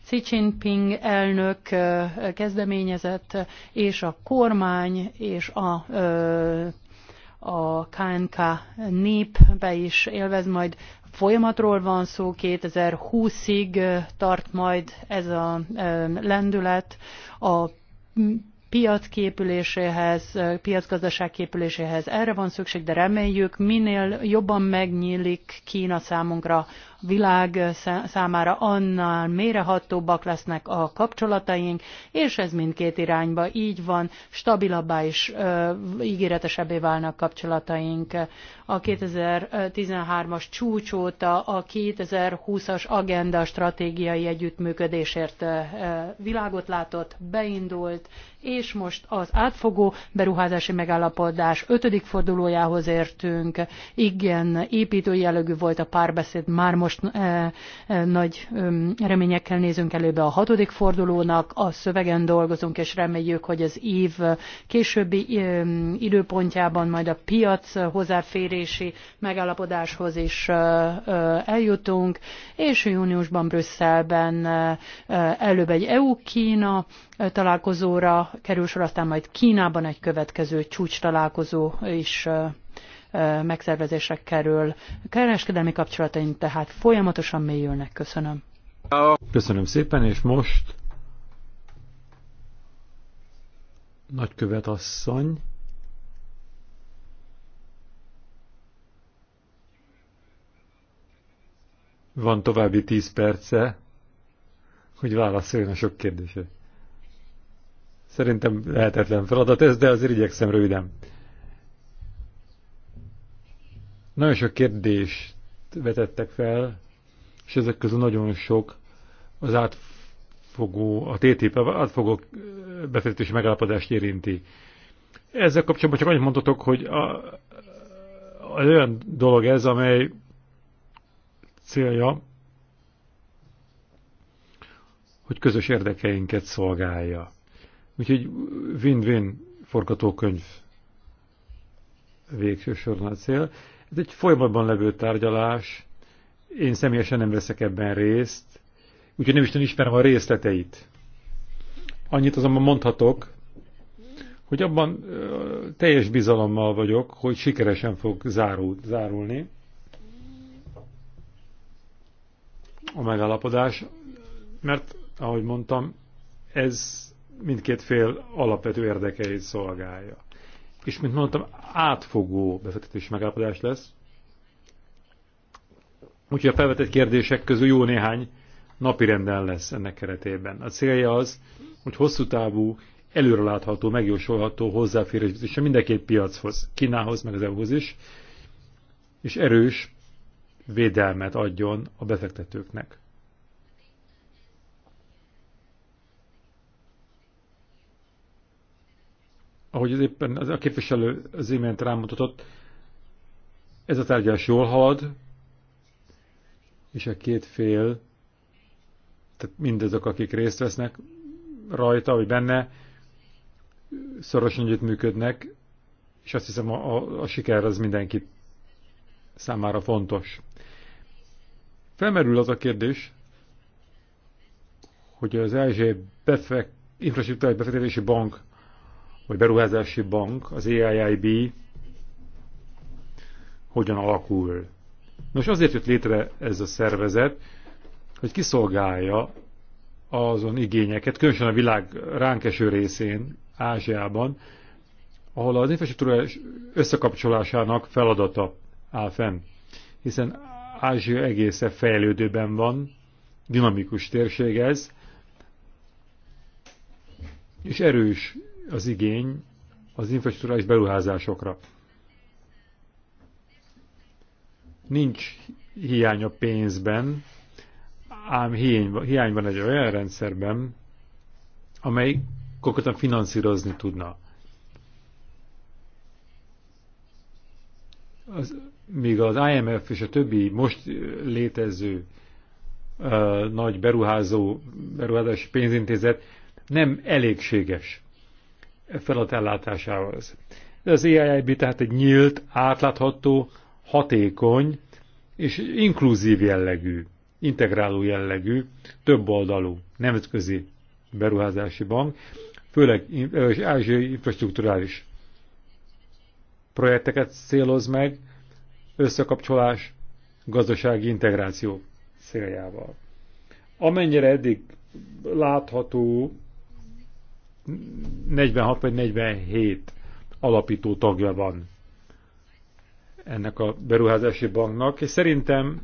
Xi Jinping elnök kezdeményezett, és a kormány és a a KNK népbe is élvez majd folyamatról van szó, 2020-ig tart majd ez a lendület a piac képüléséhez, piacgazdaság képüléséhez erre van szükség, de reméljük minél jobban megnyílik Kína számunkra világ számára annál mérehatóbbak lesznek a kapcsolataink, és ez mindkét irányba így van, stabilabbá és ígéretesebbé válnak kapcsolataink. A 2013-as csúcs óta a 2020-as agenda stratégiai együttműködésért világot látott, beindult, és most az átfogó beruházási megállapodás ötödik fordulójához értünk. Igen, építő jellegű volt a párbeszéd már most most e, e, nagy e, reményekkel nézünk előbe a hatodik fordulónak, a szövegen dolgozunk, és reméljük, hogy az év későbbi e, időpontjában majd a piac hozzáférési megállapodáshoz is e, e, eljutunk, és júniusban Brüsszelben e, előbb egy EU-Kína találkozóra kerül sor, aztán majd Kínában egy következő csúcs találkozó is megszervezésre kerül. Kereskedelmi kapcsolataink tehát folyamatosan mélyülnek. Köszönöm. Köszönöm szépen, és most nagykövet asszony. Van további tíz perce, hogy válaszoljon a sok kérdésre. Szerintem lehetetlen feladat ez, de azért igyekszem röviden. Nagyon sok kérdést vetettek fel, és ezek közül nagyon sok az átfogó, a TTIP átfogó befektetési megállapodást érinti. Ezzel kapcsolatban csak annyit mondhatok, hogy a, a, olyan dolog ez, amely célja, hogy közös érdekeinket szolgálja. Úgyhogy win-win forgatókönyv végső soron a cél. Ez egy folyamatban levő tárgyalás, én személyesen nem veszek ebben részt, úgyhogy nem is nem ismerem a részleteit. Annyit azonban mondhatok, hogy abban teljes bizalommal vagyok, hogy sikeresen fog zárul, zárulni a megállapodás, mert, ahogy mondtam, ez mindkét fél alapvető érdekeit szolgálja és mint mondtam, átfogó befektetési megállapodás lesz. Úgyhogy a felvetett kérdések közül jó néhány renden lesz ennek keretében. A célja az, hogy hosszú távú, előrelátható, megjósolható hozzáférés és a mindenképp piachoz, Kínához, meg az eu is, és erős védelmet adjon a befektetőknek. ahogy az éppen az a képviselő az imént rámutatott, ez a tárgyalás jól halad, és a két fél, tehát mindazok, akik részt vesznek rajta, vagy benne, szorosan együttműködnek, és azt hiszem a, a, a siker az mindenki számára fontos. Felmerül az a kérdés, hogy az LZ befek, infrastruktúrai befektetési bank hogy beruházási bank, az AIIB hogyan alakul. Nos, azért jött létre ez a szervezet, hogy kiszolgálja azon igényeket, különösen a világ ránk eső részén, Ázsiában, ahol az infrastruktúra összekapcsolásának feladata áll fenn. Hiszen Ázsia egészen fejlődőben van, dinamikus térség ez, és erős az igény az infrastruktúrális beruházásokra. Nincs hiány a pénzben, ám hiány, hiány van egy olyan rendszerben, amely konkrétan finanszírozni tudna. Az, míg az IMF és a többi most létező ö, nagy beruházó, beruházási pénzintézet nem elégséges feladat ellátásához. Az EIB tehát egy nyílt, átlátható, hatékony és inkluzív jellegű, integráló jellegű, több oldalú nemzetközi beruházási bank, főleg az ázsiai infrastruktúrális projekteket céloz meg, összekapcsolás, gazdasági integráció céljával. Amennyire eddig látható, 46 vagy 47 alapító tagja van ennek a beruházási banknak, és szerintem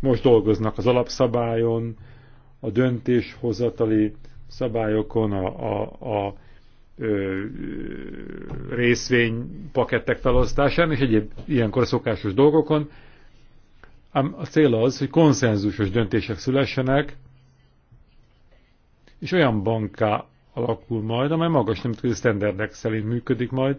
most dolgoznak az alapszabályon, a döntéshozatali szabályokon, a, a, a ö, részvénypakettek felosztásán és egyéb ilyenkor szokásos dolgokon. Ám a cél az, hogy konszenzusos döntések szülessenek, és olyan banká alakul majd, amely magas nemzetközi standardek szerint működik majd.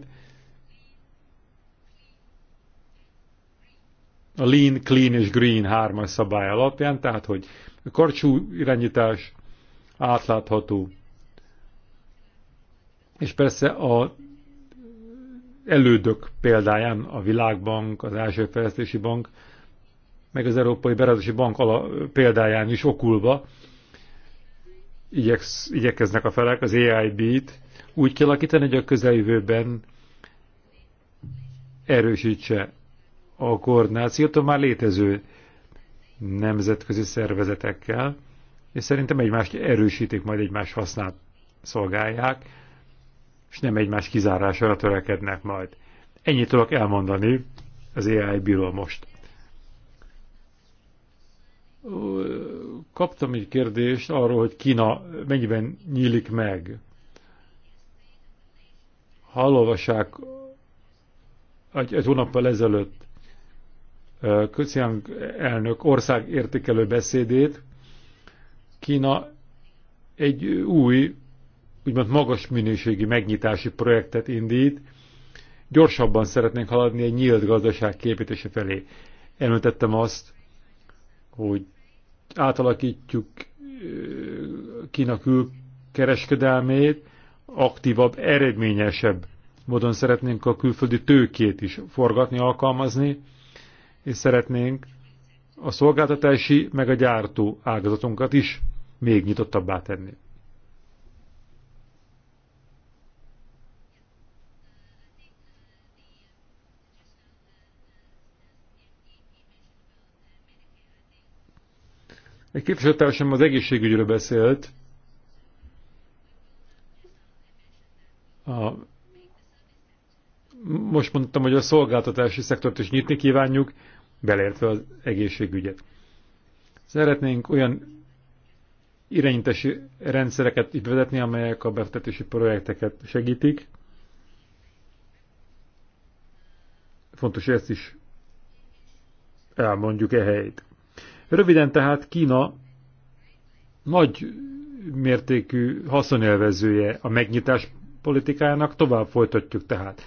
A lean, clean és green hármas szabály alapján, tehát hogy a karcsú irányítás átlátható, és persze a elődök példáján a Világbank, az első Fejlesztési Bank, meg az Európai Beruházási Bank példáján is okulva, igyeksz, igyekeznek a felek az AIB-t úgy kialakítani, hogy a közeljövőben erősítse a koordinációt a már létező nemzetközi szervezetekkel, és szerintem egymást erősítik, majd egymás hasznát szolgálják, és nem egymás kizárására törekednek majd. Ennyit tudok elmondani az AI ról most. Kaptam egy kérdést arról, hogy Kína mennyiben nyílik meg. Hallolvassák egy, egy hónappal ezelőtt Köciang elnök ország értékelő beszédét, Kína egy új, úgymond magas minőségi megnyitási projektet indít, gyorsabban szeretnénk haladni egy nyílt gazdaság képítése felé. Említettem azt, hogy átalakítjuk Kína külkereskedelmét, aktívabb, eredményesebb módon szeretnénk a külföldi tőkét is forgatni, alkalmazni, és szeretnénk a szolgáltatási meg a gyártó ágazatunkat is még nyitottabbá tenni. Egy képviselőtársam az egészségügyről beszélt, a, most mondtam, hogy a szolgáltatási szektort is nyitni kívánjuk, beleértve az egészségügyet. Szeretnénk olyan irányítási rendszereket vezetni, amelyek a befektetési projekteket segítik. Fontos, hogy ezt is elmondjuk e helyét. Röviden tehát Kína nagy mértékű haszonélvezője a megnyitás politikájának, tovább folytatjuk tehát.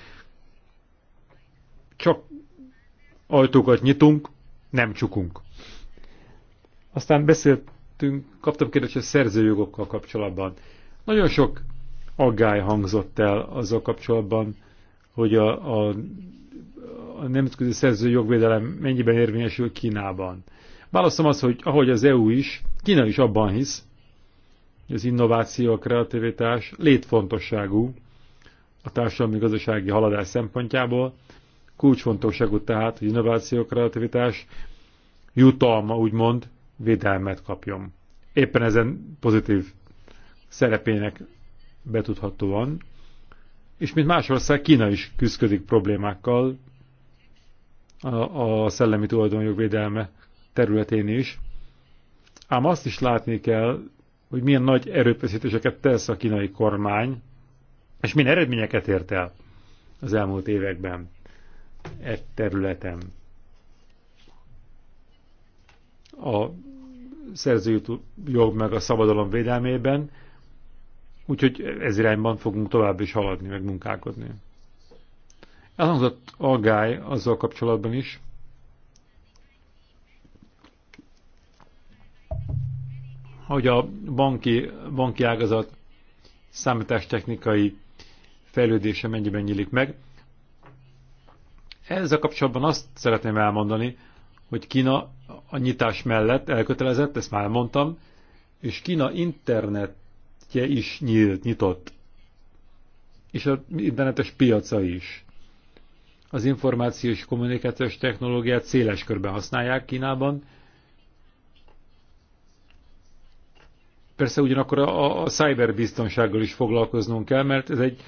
Csak ajtókat nyitunk, nem csukunk. Aztán beszéltünk, kaptam kérdést a szerzőjogokkal kapcsolatban. Nagyon sok aggály hangzott el azzal kapcsolatban, hogy a, a, a nemzetközi szerzőjogvédelem mennyiben érvényesül Kínában. Válaszom az, hogy ahogy az EU is, Kína is abban hisz, hogy az innováció, a kreativitás létfontosságú a társadalmi gazdasági haladás szempontjából, kulcsfontosságú tehát, hogy innováció, kreativitás jutalma, úgymond, védelmet kapjon. Éppen ezen pozitív szerepének betudhatóan. És mint más ország, Kína is küzdik problémákkal a, a szellemi tulajdonjog védelme területén is, ám azt is látni kell, hogy milyen nagy erőfeszítéseket tesz a kínai kormány, és milyen eredményeket ért el az elmúlt években e területen. A szerzői jog meg a szabadalom védelmében, úgyhogy ez irányban fogunk tovább is haladni, meg munkálkodni. Elhangzott aggály azzal kapcsolatban is, hogy a banki, banki ágazat számítástechnikai fejlődése mennyiben nyílik meg. Ezzel kapcsolatban azt szeretném elmondani, hogy Kína a nyitás mellett elkötelezett, ezt már mondtam, és Kína internetje is nyílt, nyitott. És az internetes piaca is. Az információs kommunikációs technológiát széles körben használják Kínában, Persze ugyanakkor a, a cyberbiztonsággal is foglalkoznunk kell, mert ez egy,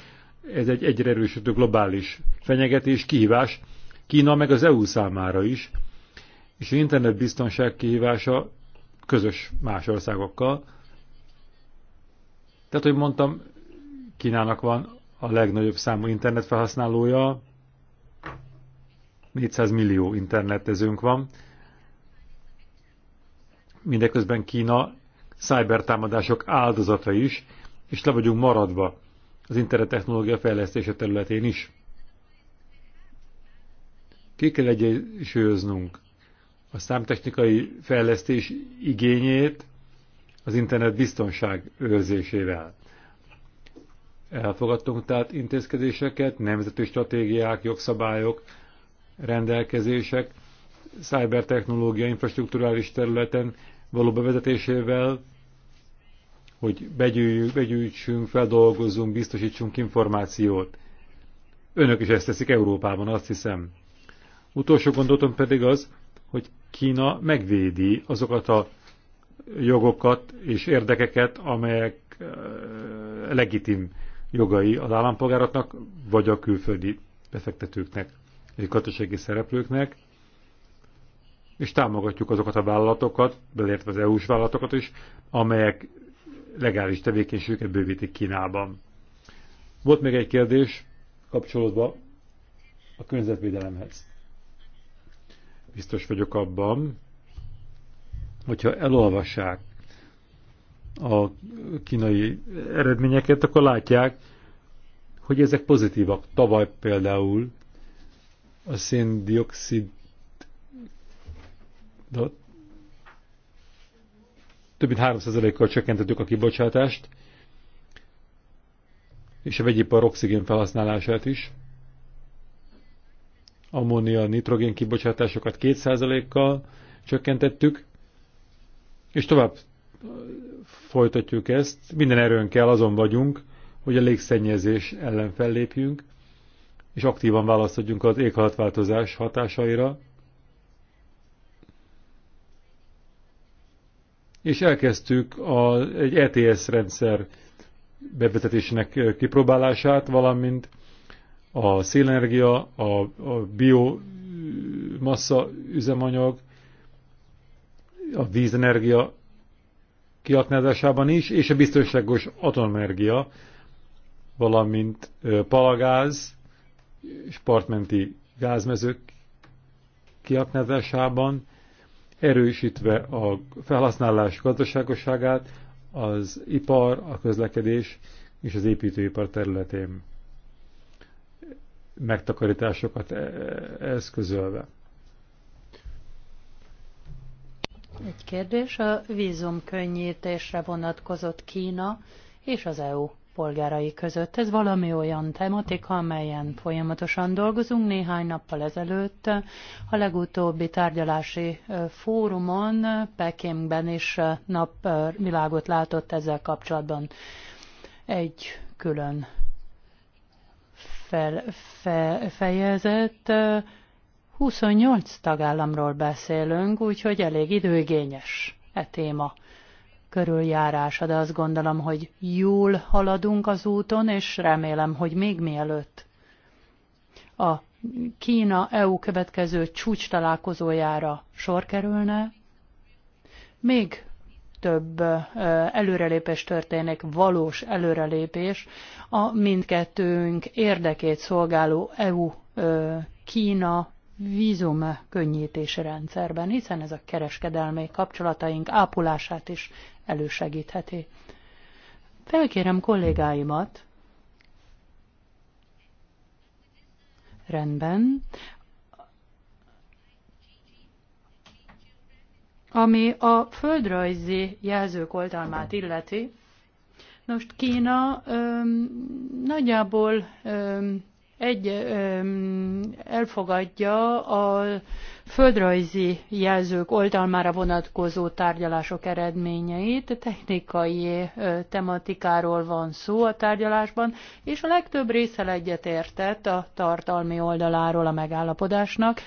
ez egy egyre erősödő globális fenyegetés, kihívás Kína meg az EU számára is, és az internetbiztonság kihívása közös más országokkal. Tehát, hogy mondtam, Kínának van a legnagyobb számú internetfelhasználója, 400 millió internetezőnk van. Mindeközben Kína Szájbertámadások áldozata is, és le vagyunk maradva az internettechnológia fejlesztése területén is. Ki kell egyensúlyoznunk a számtechnikai fejlesztés igényét az internet biztonság őrzésével. Elfogadtunk tehát intézkedéseket, nemzeti stratégiák, jogszabályok, rendelkezések, szájbertechnológia infrastruktúrális területen való bevezetésével, hogy begyűjjük, begyűjtsünk, feldolgozzunk, biztosítsunk információt. Önök is ezt teszik Európában, azt hiszem. Utolsó gondolatom pedig az, hogy Kína megvédi azokat a jogokat és érdekeket, amelyek eh, legitim jogai az állampolgáratnak, vagy a külföldi befektetőknek, vagy katasági szereplőknek és támogatjuk azokat a vállalatokat, beleértve az EU-s vállalatokat is, amelyek legális tevékenységüket bővítik Kínában. Volt még egy kérdés kapcsolódva a környezetvédelemhez. Biztos vagyok abban, hogyha elolvassák a kínai eredményeket, akkor látják, hogy ezek pozitívak. Tavaly például a széndiokszid de több mint 3%-kal csökkentettük a kibocsátást, és a vegyipar oxigén felhasználását is. Ammónia, nitrogén kibocsátásokat 2%-kal csökkentettük, és tovább folytatjuk ezt. Minden erőnkkel azon vagyunk, hogy a légszennyezés ellen fellépjünk, és aktívan választodjunk az éghajlatváltozás hatásaira, és elkezdtük a, egy ETS rendszer bevezetésének kipróbálását, valamint a szélenergia, a, a biomassa üzemanyag, a vízenergia kiaknázásában is, és a biztonságos atomenergia, valamint palagáz, és partmenti gázmezők kiaknázásában, erősítve a felhasználás gazdaságosságát az ipar, a közlekedés és az építőipar területén megtakarításokat e- eszközölve. Egy kérdés a vízumkönnyítésre vonatkozott Kína és az EU polgárai között. Ez valami olyan tematika, amelyen folyamatosan dolgozunk. Néhány nappal ezelőtt a legutóbbi tárgyalási fórumon Pekingben is napvilágot látott ezzel kapcsolatban egy külön fel, fe, fejezet. 28 tagállamról beszélünk, úgyhogy elég időigényes e téma körüljárása, de azt gondolom, hogy jól haladunk az úton, és remélem, hogy még mielőtt a Kína-EU következő csúcs találkozójára sor kerülne, még több előrelépés történik, valós előrelépés a mindkettőnk érdekét szolgáló EU-Kína vízum könnyítési rendszerben, hiszen ez a kereskedelmi kapcsolataink ápolását is elősegítheti. Felkérem kollégáimat. Rendben. Ami a földrajzi jelzők oltalmát illeti, most Kína öm, nagyjából öm, egy öm, elfogadja a földrajzi jelzők oldalmára vonatkozó tárgyalások eredményeit, technikai tematikáról van szó a tárgyalásban, és a legtöbb része egyetértett a tartalmi oldaláról a megállapodásnak.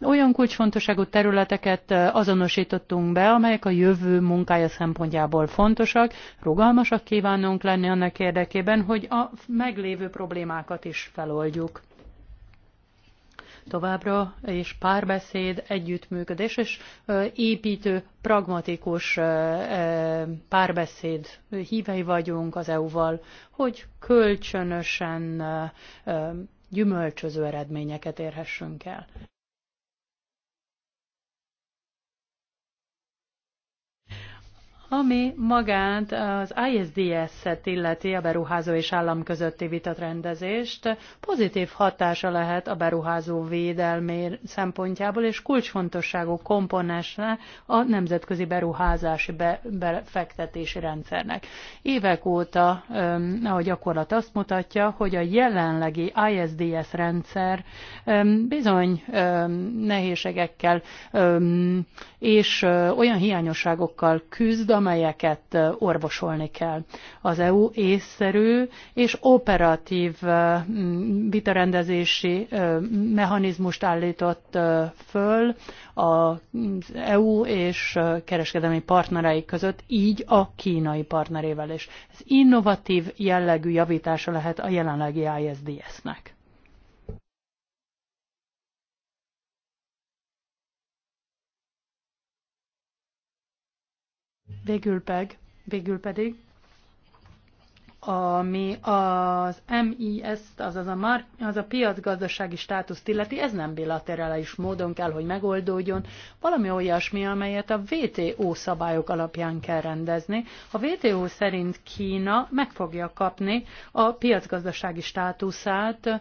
Olyan kulcsfontosságú területeket azonosítottunk be, amelyek a jövő munkája szempontjából fontosak, rugalmasak kívánunk lenni annak érdekében, hogy a meglévő problémákat is feloldjuk továbbra, és párbeszéd, együttműködés, és építő, pragmatikus párbeszéd hívei vagyunk az EU-val, hogy kölcsönösen gyümölcsöző eredményeket érhessünk el. ami magánt az ISDS-et illeti a beruházó és állam közötti vitatrendezést, pozitív hatása lehet a beruházó védelmé szempontjából, és kulcsfontosságú komponensre a nemzetközi beruházási befektetési rendszernek. Évek óta a gyakorlat azt mutatja, hogy a jelenlegi ISDS rendszer bizony nehézségekkel és olyan hiányosságokkal küzd, amelyeket orvosolni kell. Az EU észszerű és operatív vitarendezési mechanizmust állított föl az EU és kereskedelmi partnerei között, így a kínai partnerével is. Ez innovatív jellegű javítása lehet a jelenlegi ISDS-nek. Végül, peg, végül pedig, ami az MIS, azaz a, mar, az a piacgazdasági státuszt illeti, ez nem bilaterális módon kell, hogy megoldódjon, valami olyasmi, amelyet a WTO szabályok alapján kell rendezni. A WTO szerint Kína meg fogja kapni a piacgazdasági státuszát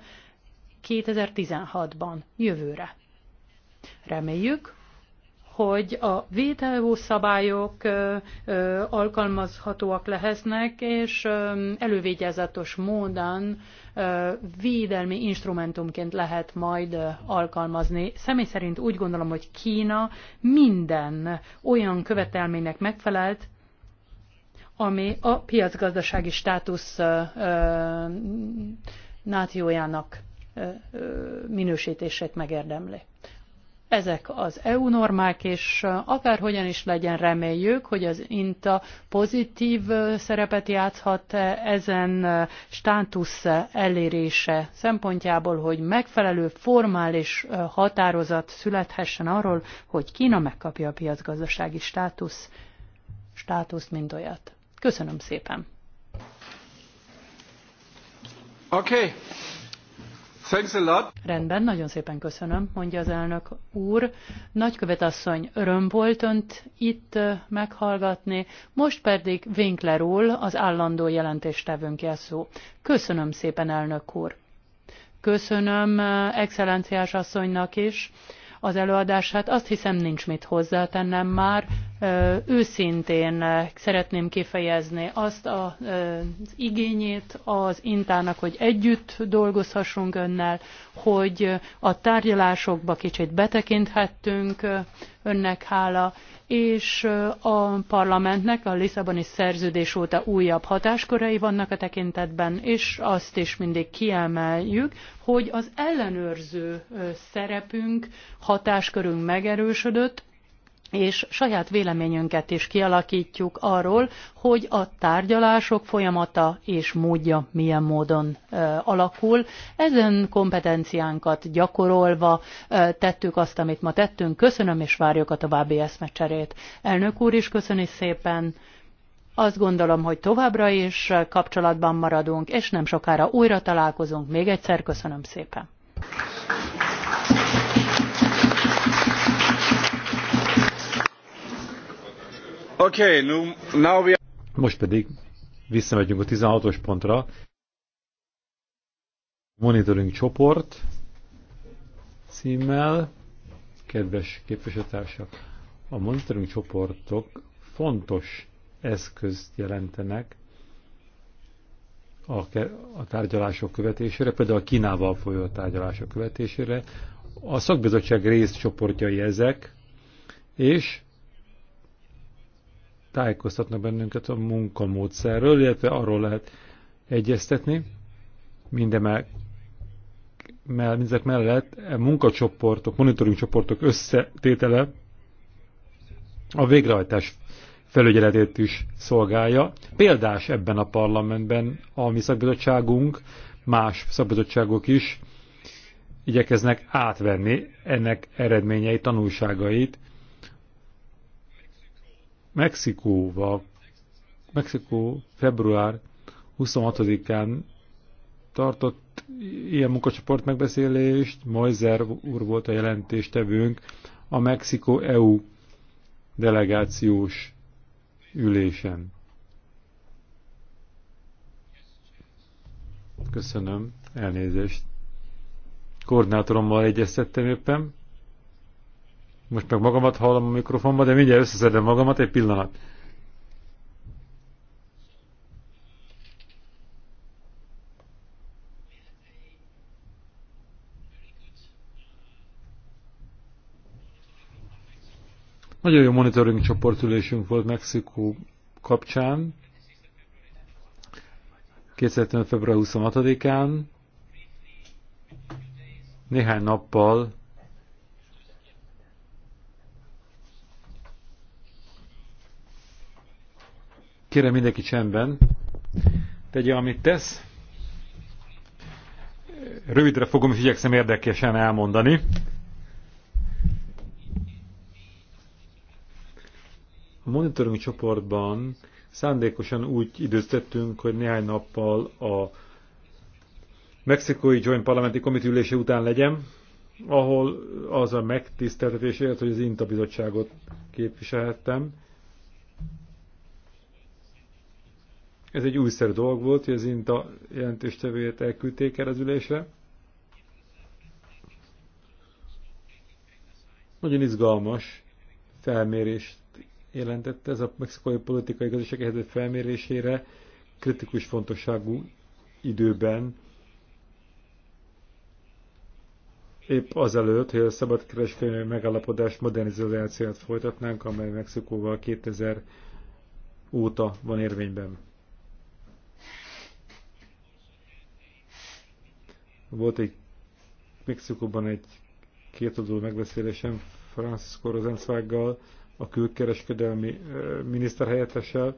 2016-ban, jövőre. Reméljük, hogy a védelő szabályok alkalmazhatóak lehetnek, és elővigyázatos módon védelmi instrumentumként lehet majd alkalmazni. Személy szerint úgy gondolom, hogy Kína minden olyan követelménynek megfelelt, ami a piacgazdasági státusz nációjának minősítését megérdemli. Ezek az EU normák, és akárhogyan is legyen, reméljük, hogy az INTA pozitív szerepet játszhat ezen státusz elérése szempontjából, hogy megfelelő formális határozat születhessen arról, hogy Kína megkapja a piacgazdasági státusz, státuszt, mint olyat. Köszönöm szépen! Okay. Thanks a lot. Rendben, nagyon szépen köszönöm, mondja az elnök úr. Nagykövet asszony, öröm volt önt itt meghallgatni, most pedig Winkler úr, az állandó jelentéstevőnk szó. Köszönöm szépen, elnök úr. Köszönöm excellenciás asszonynak is az előadását. Azt hiszem nincs mit hozzátennem már. Őszintén szeretném kifejezni azt az igényét az Intának, hogy együtt dolgozhassunk önnel, hogy a tárgyalásokba kicsit betekinthettünk, önnek hála, és a parlamentnek a Lisszaboni szerződés óta újabb hatáskörei vannak a tekintetben, és azt is mindig kiemeljük, hogy az ellenőrző szerepünk, hatáskörünk megerősödött, és saját véleményünket is kialakítjuk arról, hogy a tárgyalások folyamata és módja milyen módon alakul. Ezen kompetenciánkat gyakorolva tettük azt, amit ma tettünk. Köszönöm, és várjuk a további eszmecserét. Elnök úr is köszöni szépen. Azt gondolom, hogy továbbra is kapcsolatban maradunk, és nem sokára újra találkozunk. Még egyszer köszönöm szépen. Okay, now we... Most pedig visszamegyünk a 16-os pontra. Monitoring csoport címmel. Kedves képviselőtársak, a monitoring csoportok fontos eszközt jelentenek a, a tárgyalások követésére, például a Kínával folyó tárgyalások követésére. A szakbizottság részcsoportjai ezek, és tájékoztatnak bennünket a munkamódszerről, illetve arról lehet egyeztetni. mell, mindezek mellett a e munkacsoportok, monitoring csoportok összetétele a végrehajtás felügyeletét is szolgálja. Példás ebben a parlamentben a mi szakbizottságunk, más szakbizottságok is igyekeznek átvenni ennek eredményei, tanulságait, Mexikóval, Mexikó február 26-án tartott ilyen munkacsoport megbeszélést, Moiser úr volt a jelentéstevőnk, a Mexikó-EU delegációs ülésen. Köszönöm, elnézést. Koordinátorommal egyeztettem éppen. Most meg magamat hallom a mikrofonba, de mindjárt összeszedem magamat egy pillanat. Nagyon jó monitoring csoportülésünk volt Mexikó kapcsán. 2015. február 26-án néhány nappal Kérem mindenki csendben, tegye, amit tesz. Rövidre fogom, és igyekszem érdekesen elmondani. A monitoring csoportban szándékosan úgy időztettünk, hogy néhány nappal a mexikói Joint Parlamenti Committee ülése után legyen, ahol az a megtiszteltetés hogy az INTA bizottságot képviselhettem, Ez egy újszerű dolog volt, hogy az INTA jelentéstevőjét elküldték el az ülésre. Nagyon izgalmas felmérést jelentette ez a mexikai politikai gazdaság helyzet felmérésére kritikus fontosságú időben épp azelőtt, hogy a szabadkereskedelmi megállapodás modernizációját folytatnánk, amely Mexikóval 2000 óta van érvényben. Volt egy Mexikóban egy kétoldalú megbeszélésem Francisco Rosenszvággal, a külkereskedelmi miniszterhelyettessel,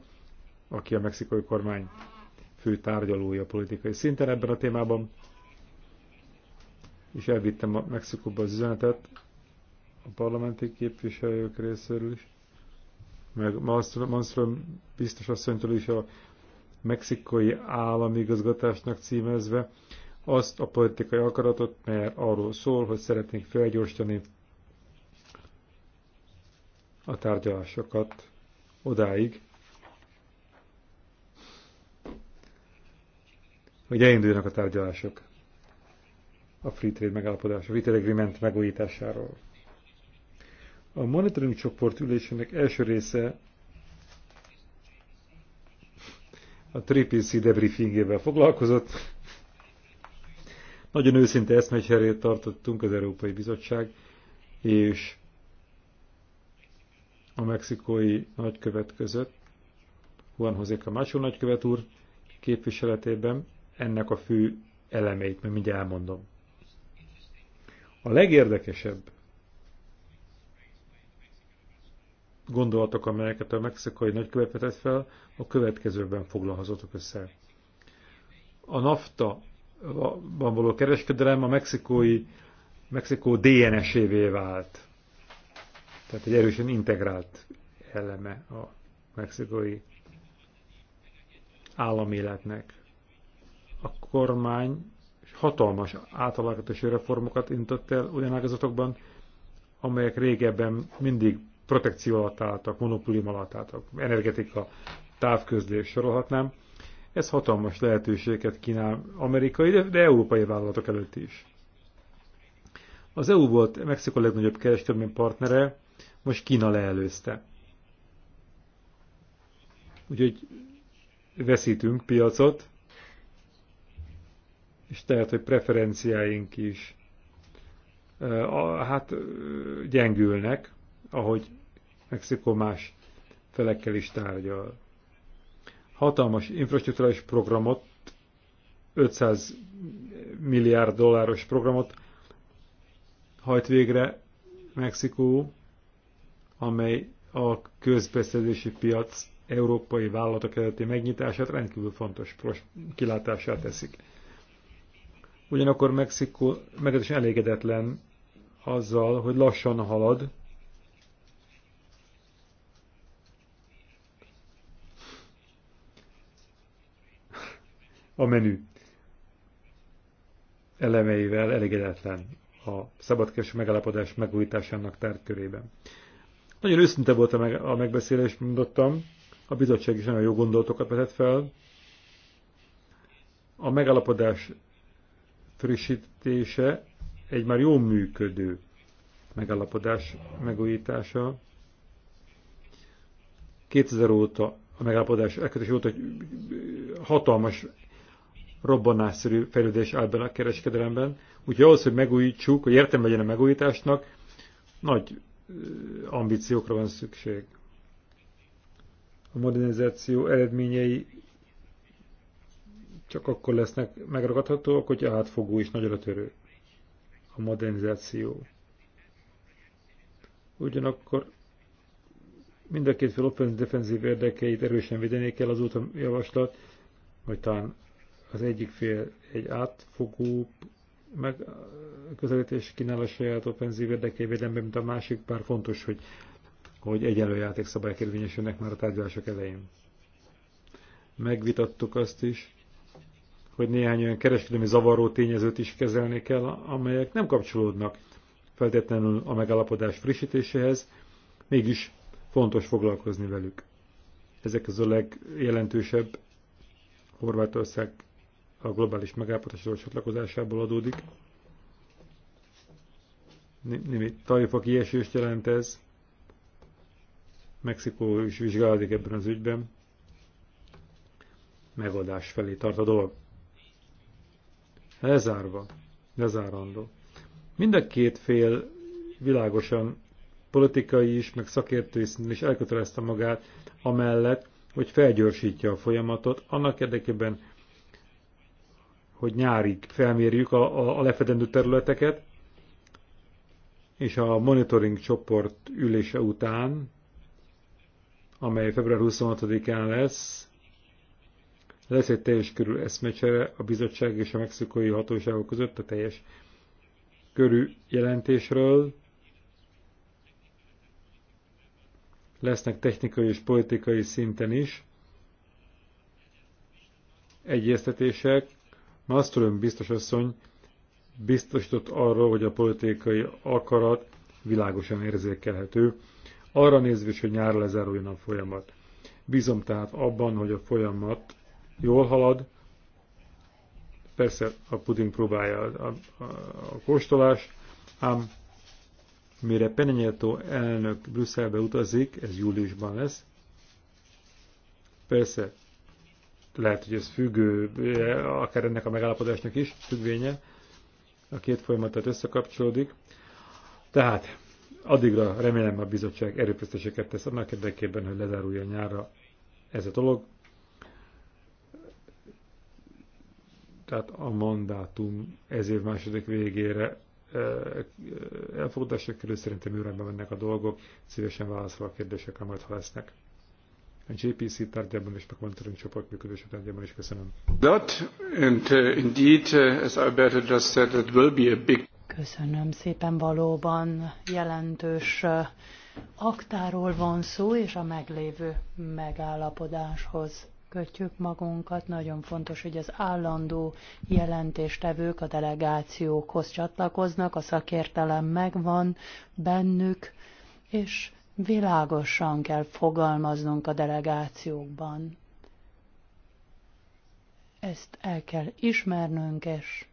aki a mexikai kormány fő tárgyalója politikai szinten ebben a témában, és elvittem a Mexikóba az üzenetet a parlamenti képviselők részéről is, meg Manström biztos asszonytól is a mexikai államigazgatásnak címezve, azt a politikai akaratot, mert arról szól, hogy szeretnénk felgyorsítani a tárgyalásokat odáig, hogy elinduljanak a tárgyalások a free trade megállapodás, a free trade agreement megújításáról. A monitoring csoport ülésének első része a TPC debriefingével foglalkozott, nagyon őszinte eszmecserét tartottunk az Európai Bizottság és a mexikói nagykövet között, Juan José Camacho nagykövet úr képviseletében ennek a fő elemeit, mert mindjárt elmondom. A legérdekesebb gondolatok, amelyeket a mexikai nagykövet vetett fel, a következőben foglalhazatok össze. A NAFTA van való kereskedelem a mexikói, Mexikó DNS-évé vált. Tehát egy erősen integrált eleme a mexikói államéletnek. A kormány hatalmas átalakítási reformokat intott el olyan ágazatokban, amelyek régebben mindig protekció alatt álltak, monopólium alatt álltak, energetika, távközlés sorolhatnám. Ez hatalmas lehetőséget kínál amerikai, de, de európai vállalatok előtt is. Az EU volt Mexikó legnagyobb kereskedelmi partnere, most Kína leelőzte. Úgyhogy veszítünk piacot, és tehát, hogy preferenciáink is hát gyengülnek, ahogy Mexikó más felekkel is tárgyal hatalmas infrastruktúrális programot, 500 milliárd dolláros programot hajt végre Mexikó, amely a közbeszerzési piac európai vállalatok előtti megnyitását rendkívül fontos kilátását teszik. Ugyanakkor Mexikó meglehetősen elégedetlen azzal, hogy lassan halad a menü elemeivel elégedetlen a szabadkereső megállapodás megújításának tárgykörében. Nagyon őszinte volt a, meg, a megbeszélés, mondottam, a bizottság is nagyon jó gondolatokat vetett fel. A megállapodás frissítése egy már jó működő megállapodás megújítása. 2000 óta a megállapodás elkötés óta egy hatalmas robbanásszerű fejlődés áll a kereskedelemben. Úgyhogy ahhoz, hogy megújítsuk, hogy értem legyen a megújításnak, nagy ambíciókra van szükség. A modernizáció eredményei csak akkor lesznek megragadhatóak, hogy átfogó és nagyra törő a modernizáció. Ugyanakkor mind a két fél offenzív defenzív érdekeit erősen védenék kell az úton javaslat, hogy talán az egyik fél egy átfogó közelítés kínál a saját offenzív érdekévédelemben, mint a másik pár fontos, hogy, hogy egyenlő játékszabályok érvényesülnek már a tárgyalások elején. Megvitattuk azt is, hogy néhány olyan kereskedelmi zavaró tényezőt is kezelni kell, amelyek nem kapcsolódnak feltétlenül a megállapodás frissítéséhez, mégis fontos foglalkozni velük. Ezek az a legjelentősebb Horvátország a globális megállapodásról csatlakozásából adódik. Némi tarifa kiesést jelent ez. Mexikó is vizsgálódik ebben az ügyben. Megoldás felé tart a dolog. Lezárva, lezárandó. Mind a két fél világosan politikai is, meg szakértői szinten is elkötelezte magát amellett, hogy felgyorsítja a folyamatot, annak érdekében, hogy nyárig felmérjük a, a, a lefedendő területeket, és a monitoring csoport ülése után, amely február 26-án lesz, lesz egy teljes körű eszmecsere a bizottság és a mexikai hatóságok között a teljes körű jelentésről. Lesznek technikai és politikai szinten is egyeztetések, Malmström biztos asszony biztosított arról, hogy a politikai akarat világosan érzékelhető, arra nézve is, hogy nyárra lezáruljon a folyamat. Bízom tehát abban, hogy a folyamat jól halad, persze a puding próbálja a, a, a kóstolás, ám mire Penenyeltó elnök Brüsszelbe utazik, ez júliusban lesz, persze lehet, hogy ez függő, eh, akár ennek a megállapodásnak is függvénye, a két folyamatot összekapcsolódik. Tehát addigra remélem a bizottság erőfeszítéseket tesz annak érdekében, hogy lezárulja nyára ez a dolog. Tehát a mandátum ez év második végére eh, elfogadásra kerül, szerintem őrendben mennek a dolgok, szívesen válaszol a kérdésekre majd, ha lesznek a JPC tárgyában és a monitoring csoport működése tárgyában is köszönöm. That, and uh, indeed, uh, as Alberto just said, it will be a big... Köszönöm szépen, valóban jelentős uh, aktáról van szó, és a meglévő megállapodáshoz kötjük magunkat. Nagyon fontos, hogy az állandó jelentéstevők a delegációkhoz csatlakoznak, a szakértelem megvan bennük, és világosan kell fogalmaznunk a delegációkban. Ezt el kell ismernünk, és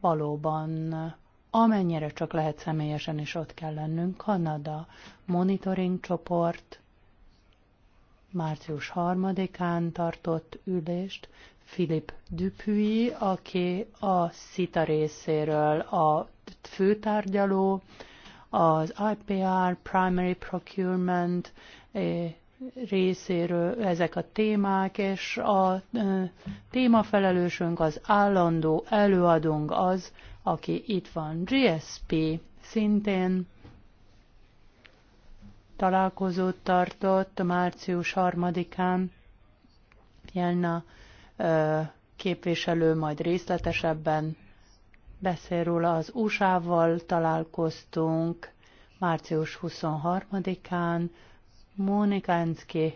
valóban amennyire csak lehet személyesen is ott kell lennünk. Kanada monitoring csoport március 3-án tartott ülést, Philip Dupuy, aki a SZITA részéről a főtárgyaló, az IPR, Primary Procurement eh, részéről ezek a témák, és a eh, témafelelősünk az állandó előadónk az, aki itt van, GSP szintén találkozót tartott március 3-án. Jelna eh, képviselő majd részletesebben beszél róla, az USA-val találkoztunk március 23-án, Mónikánszki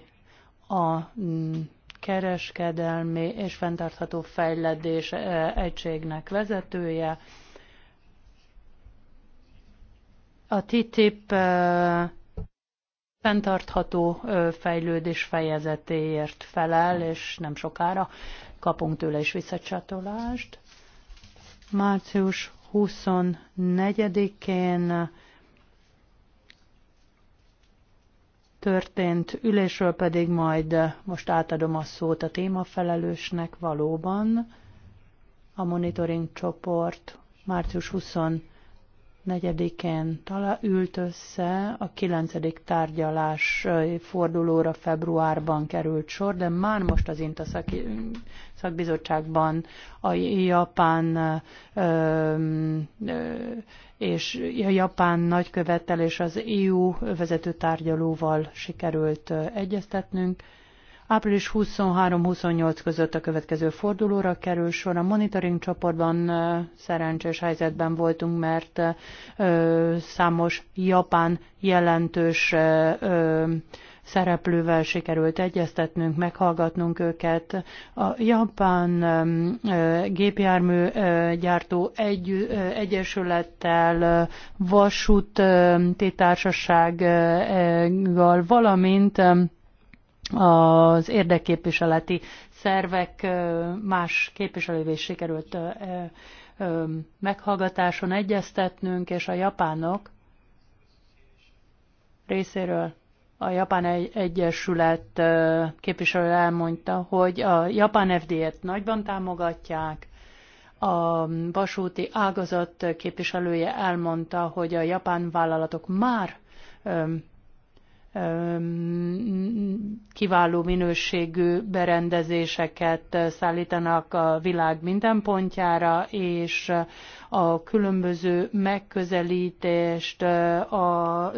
a mm, kereskedelmi és fenntartható fejlődés e, egységnek vezetője. A TTIP e, fenntartható e, fejlődés fejezetéért felel, és nem sokára kapunk tőle is visszacsatolást március 24-én történt ülésről pedig majd most átadom a szót a témafelelősnek valóban. A monitoring csoport március 24 Negyedikén talán ült össze, a kilencedik tárgyalás fordulóra februárban került sor, de már most az INTA szak, szakbizottságban a japán ö, ö, és a japán nagykövettel és az EU vezető tárgyalóval sikerült egyeztetnünk. Április 23-28 között a következő fordulóra kerül sor. A monitoring csoportban szerencsés helyzetben voltunk, mert számos japán jelentős szereplővel sikerült egyeztetnünk, meghallgatnunk őket. A japán gépjármű gyártó egy, egyesülettel, vasút titársasággal, valamint az érdekképviseleti szervek más képviselővé sikerült meghallgatáson egyeztetnünk, és a japánok részéről a Japán Egyesület képviselő elmondta, hogy a Japán FD-t nagyban támogatják, a vasúti ágazat képviselője elmondta, hogy a japán vállalatok már kiváló minőségű berendezéseket szállítanak a világ minden pontjára, és a különböző megközelítést a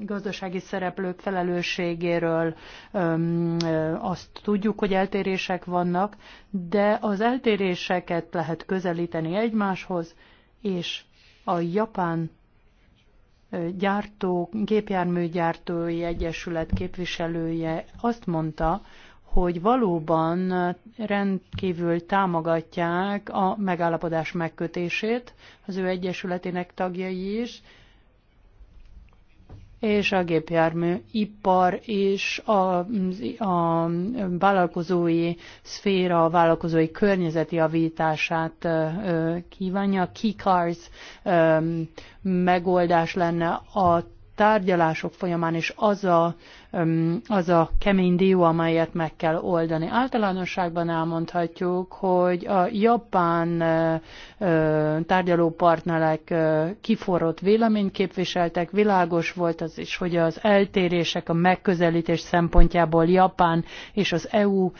gazdasági szereplők felelősségéről azt tudjuk, hogy eltérések vannak, de az eltéréseket lehet közelíteni egymáshoz, és a japán gyártó, gépjárműgyártói egyesület képviselője azt mondta, hogy valóban rendkívül támogatják a megállapodás megkötését, az ő egyesületének tagjai is, és a gépjármű ipar és a, a vállalkozói szféra, a vállalkozói környezet javítását kívánja. keycards megoldás lenne a tárgyalások folyamán is az a, az a kemény dió, amelyet meg kell oldani. Általánosságban elmondhatjuk, hogy a japán tárgyalópartnerek kiforrott véleményt képviseltek, világos volt az is, hogy az eltérések a megközelítés szempontjából Japán és az EU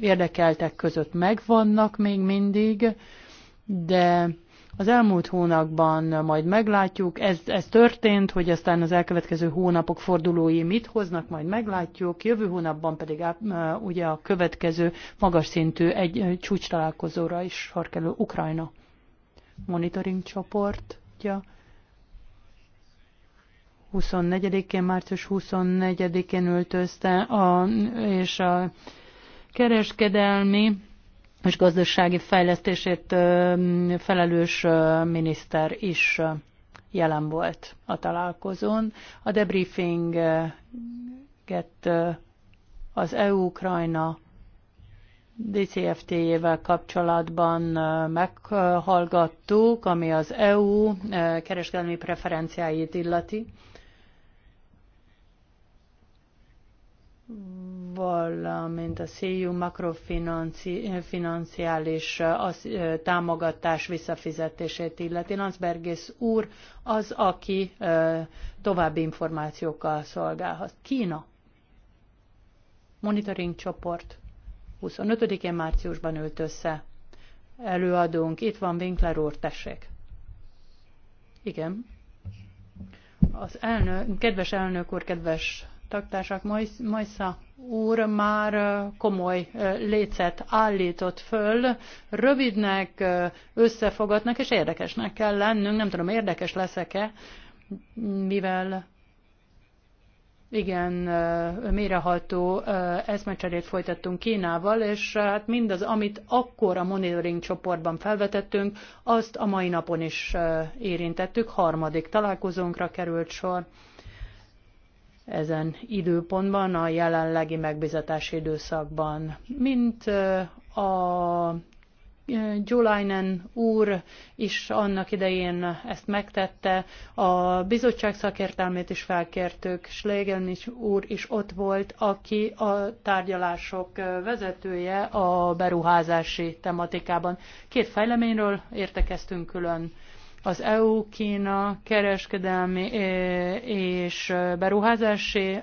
érdekeltek között megvannak még mindig, de az elmúlt hónapban majd meglátjuk, ez, ez történt, hogy aztán az elkövetkező hónapok fordulói mit hoznak, majd meglátjuk. Jövő hónapban pedig á, ugye a következő magas szintű egy csúcs találkozóra is sor kerül Ukrajna monitoring csoportja. 24-én, március 24-én ültözte, a, és a kereskedelmi és gazdasági fejlesztését felelős miniszter is jelen volt a találkozón. A debriefinget az EU-Ukrajna DCFT-jével kapcsolatban meghallgattuk, ami az EU kereskedelmi preferenciáit illeti valamint a CU makrofinanciális eh, eh, támogatás visszafizetését illeti. Lanzbergész úr az, aki eh, további információkkal szolgálhat. Kína. Monitoring csoport. 25-én márciusban ült össze. Előadónk, itt van Winkler úr, tessék. Igen. Az elnök, kedves elnök úr, kedves tagtársak, Majsza úr már komoly lécet állított föl. Rövidnek, összefogatnak és érdekesnek kell lennünk. Nem tudom, érdekes leszek-e, mivel igen, méreható eszmecserét folytattunk Kínával, és hát mindaz, amit akkor a monitoring csoportban felvetettünk, azt a mai napon is érintettük, harmadik találkozónkra került sor ezen időpontban, a jelenlegi megbizatási időszakban. Mint a Gyulajnen úr is annak idején ezt megtette, a bizottság szakértelmét is felkértük, Schlegelnich úr is ott volt, aki a tárgyalások vezetője a beruházási tematikában. Két fejleményről értekeztünk külön az EU-Kína kereskedelmi és beruházási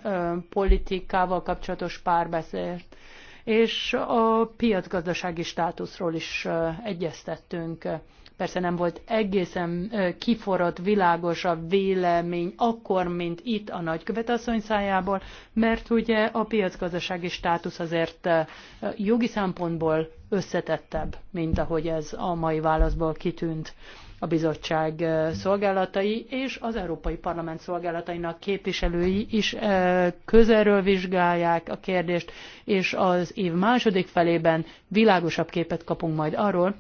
politikával kapcsolatos párbeszéd, és a piacgazdasági státuszról is egyeztettünk. Persze nem volt egészen kiforrott, világos a vélemény akkor, mint itt a nagykövetasszony szájából, mert ugye a piacgazdasági státusz azért jogi szempontból összetettebb, mint ahogy ez a mai válaszból kitűnt a bizottság szolgálatai és az Európai Parlament szolgálatainak képviselői is közelről vizsgálják a kérdést, és az év második felében világosabb képet kapunk majd arról,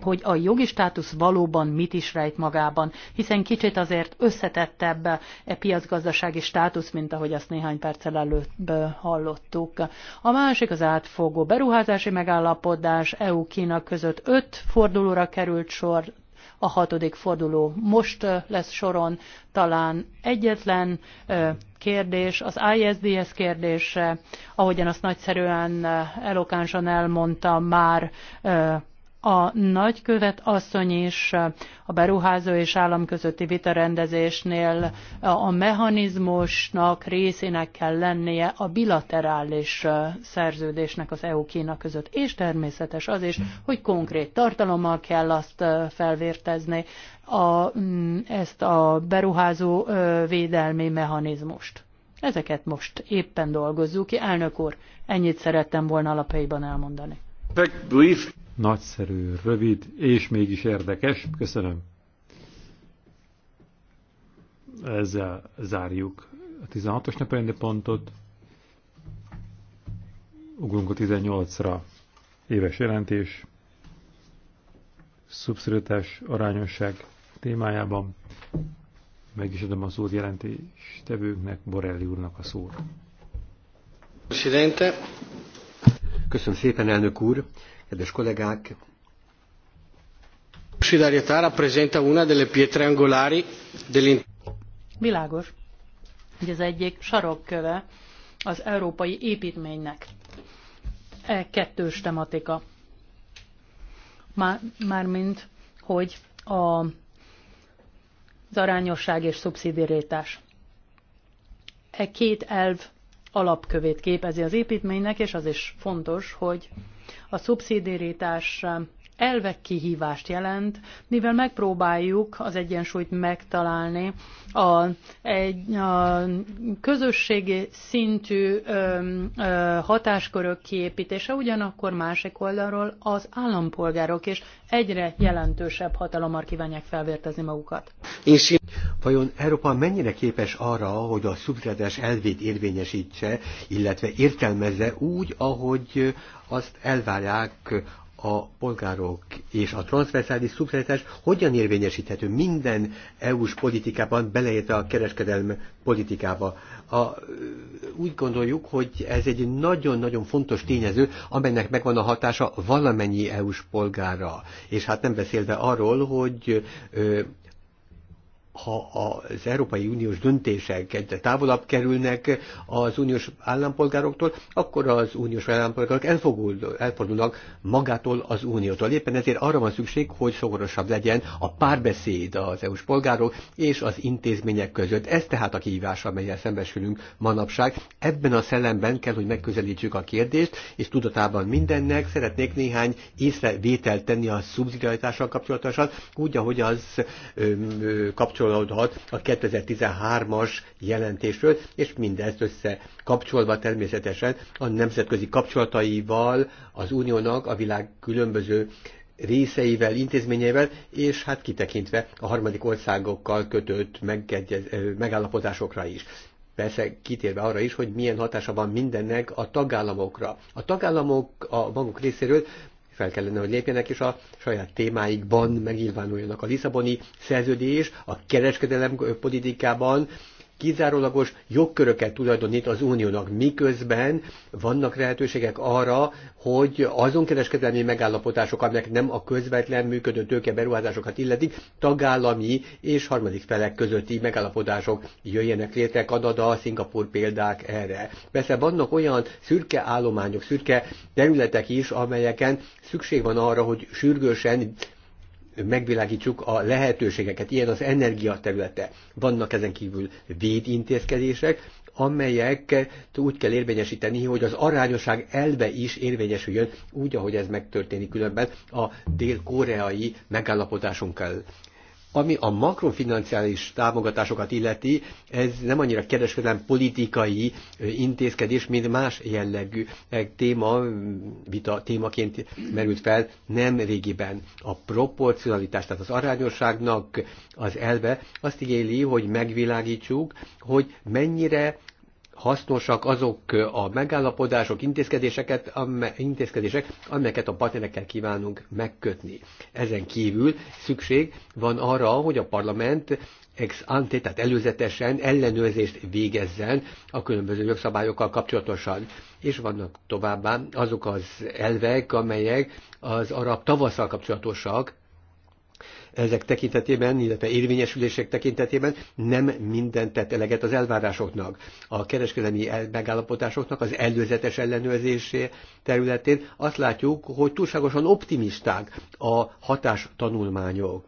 hogy a jogi státusz valóban mit is rejt magában, hiszen kicsit azért összetettebb e piacgazdasági státusz, mint ahogy azt néhány perccel előbb hallottuk. A másik az átfogó beruházási megállapodás EU-Kína között öt fordulóra került sor a hatodik forduló most lesz soron. Talán egyetlen kérdés, az ISDS kérdése, ahogyan azt nagyszerűen elokánsan elmondta már a nagykövet asszony is a beruházó és állam közötti vitarendezésnél a mechanizmusnak részének kell lennie a bilaterális szerződésnek az EU-Kína között. És természetes az is, hogy konkrét tartalommal kell azt felvértezni a, mm, ezt a beruházó védelmi mechanizmust. Ezeket most éppen dolgozzuk ki. Elnök úr, ennyit szerettem volna alapjaiban elmondani. Nagyszerű, rövid és mégis érdekes. Köszönöm. Ezzel zárjuk a 16-os napelendi pontot. Ugrunk a 18-ra. Éves jelentés. Szubszidiaritás arányosság témájában. Meg is adom a szót jelentéstevőknek, Borelli úrnak a szót. Köszönöm szépen, elnök úr. Kedves kollégák! Solidarietà rappresenta una delle pietre angolari Világos, hogy ez egyik sarokköve az európai építménynek. E kettős tematika. Már, hogy a, az arányosság és szubszidiaritás. E két elv alapkövét képezi az építménynek, és az is fontos, hogy a szubszidiaritás elvek kihívást jelent, mivel megpróbáljuk az egyensúlyt megtalálni a, egy, a közösségi szintű ö, ö, hatáskörök kiépítése, ugyanakkor másik oldalról az állampolgárok és egyre jelentősebb hatalommal kívánják felvértezni magukat. És vajon Európa mennyire képes arra, hogy a szubszidiás elvét érvényesítse, illetve értelmezze úgy, ahogy azt elvárják a polgárok és a transzverszális szubszeretás hogyan érvényesíthető minden EU-s politikában, beleértve a kereskedelmi politikába. A, úgy gondoljuk, hogy ez egy nagyon-nagyon fontos tényező, amelynek megvan a hatása valamennyi EU-s polgára. És hát nem beszélve arról, hogy ö, ha az Európai Uniós döntések egyre távolabb kerülnek az uniós állampolgároktól, akkor az uniós állampolgárok elfogul, elfordulnak magától az uniótól. Éppen ezért arra van szükség, hogy szorosabb legyen a párbeszéd az EU-s polgárok és az intézmények között. Ez tehát a kihívás, amelyel szembesülünk manapság. Ebben a szellemben kell, hogy megközelítsük a kérdést, és tudatában mindennek szeretnék néhány észrevételt tenni a szubszidiaritással kapcsolatosan, úgy, ahogy az kapcsolatosan kapcsolódhat a 2013-as jelentésről, és mindezt összekapcsolva természetesen a nemzetközi kapcsolataival az uniónak a világ különböző részeivel, intézményeivel, és hát kitekintve a harmadik országokkal kötött megállapodásokra is. Persze kitérve arra is, hogy milyen hatása van mindennek a tagállamokra. A tagállamok a maguk részéről fel kellene, hogy lépjenek, és a saját témáikban megnyilvánuljanak. A Lisszaboni szerződés a kereskedelem politikában kizárólagos jogköröket tulajdonít az uniónak, miközben vannak lehetőségek arra, hogy azon kereskedelmi megállapodások, amelyek nem a közvetlen működő tőke beruházásokat illetik, tagállami és harmadik felek közötti megállapodások jöjjenek létre, Kanada, Szingapur példák erre. Persze vannak olyan szürke állományok, szürke területek is, amelyeken szükség van arra, hogy sürgősen megvilágítsuk a lehetőségeket. Ilyen az energia területe. Vannak ezen kívül védintézkedések, amelyek úgy kell érvényesíteni, hogy az arányosság elve is érvényesüljön, úgy, ahogy ez megtörténik különben a dél-koreai megállapodásunkkal. Ami a makrofinanciális támogatásokat illeti, ez nem annyira kereskedelem politikai intézkedés, mint más jellegű e, téma, vita témaként merült fel nem régiben. A proporcionalitás, tehát az arányosságnak az elve azt igéli, hogy megvilágítsuk, hogy mennyire hasznosak azok a megállapodások, intézkedéseket, amme, intézkedések, amelyeket a partnerekkel kívánunk megkötni. Ezen kívül szükség van arra, hogy a parlament ex ante, tehát előzetesen ellenőrzést végezzen a különböző jogszabályokkal kapcsolatosan. És vannak továbbá azok az elvek, amelyek az arab tavasszal kapcsolatosak, ezek tekintetében, illetve érvényesülések tekintetében nem minden tett eleget az elvárásoknak. A kereskedelmi megállapodásoknak az előzetes ellenőrzésé területén azt látjuk, hogy túlságosan optimisták a hatástanulmányok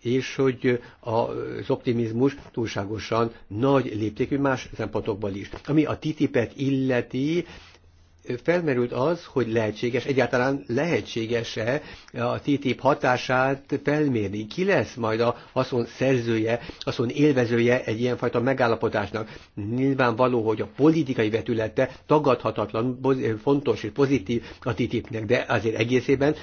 és hogy az optimizmus túlságosan nagy léptékű más szempontokból is. Ami a TTIP-et illeti, felmerült az, hogy lehetséges, egyáltalán lehetséges-e a TTIP hatását felmérni. Ki lesz majd a haszon szerzője, haszon élvezője egy ilyenfajta megállapodásnak? Nyilvánvaló, hogy a politikai vetülete tagadhatatlan, fontos és pozitív a TTIP-nek, de azért egészében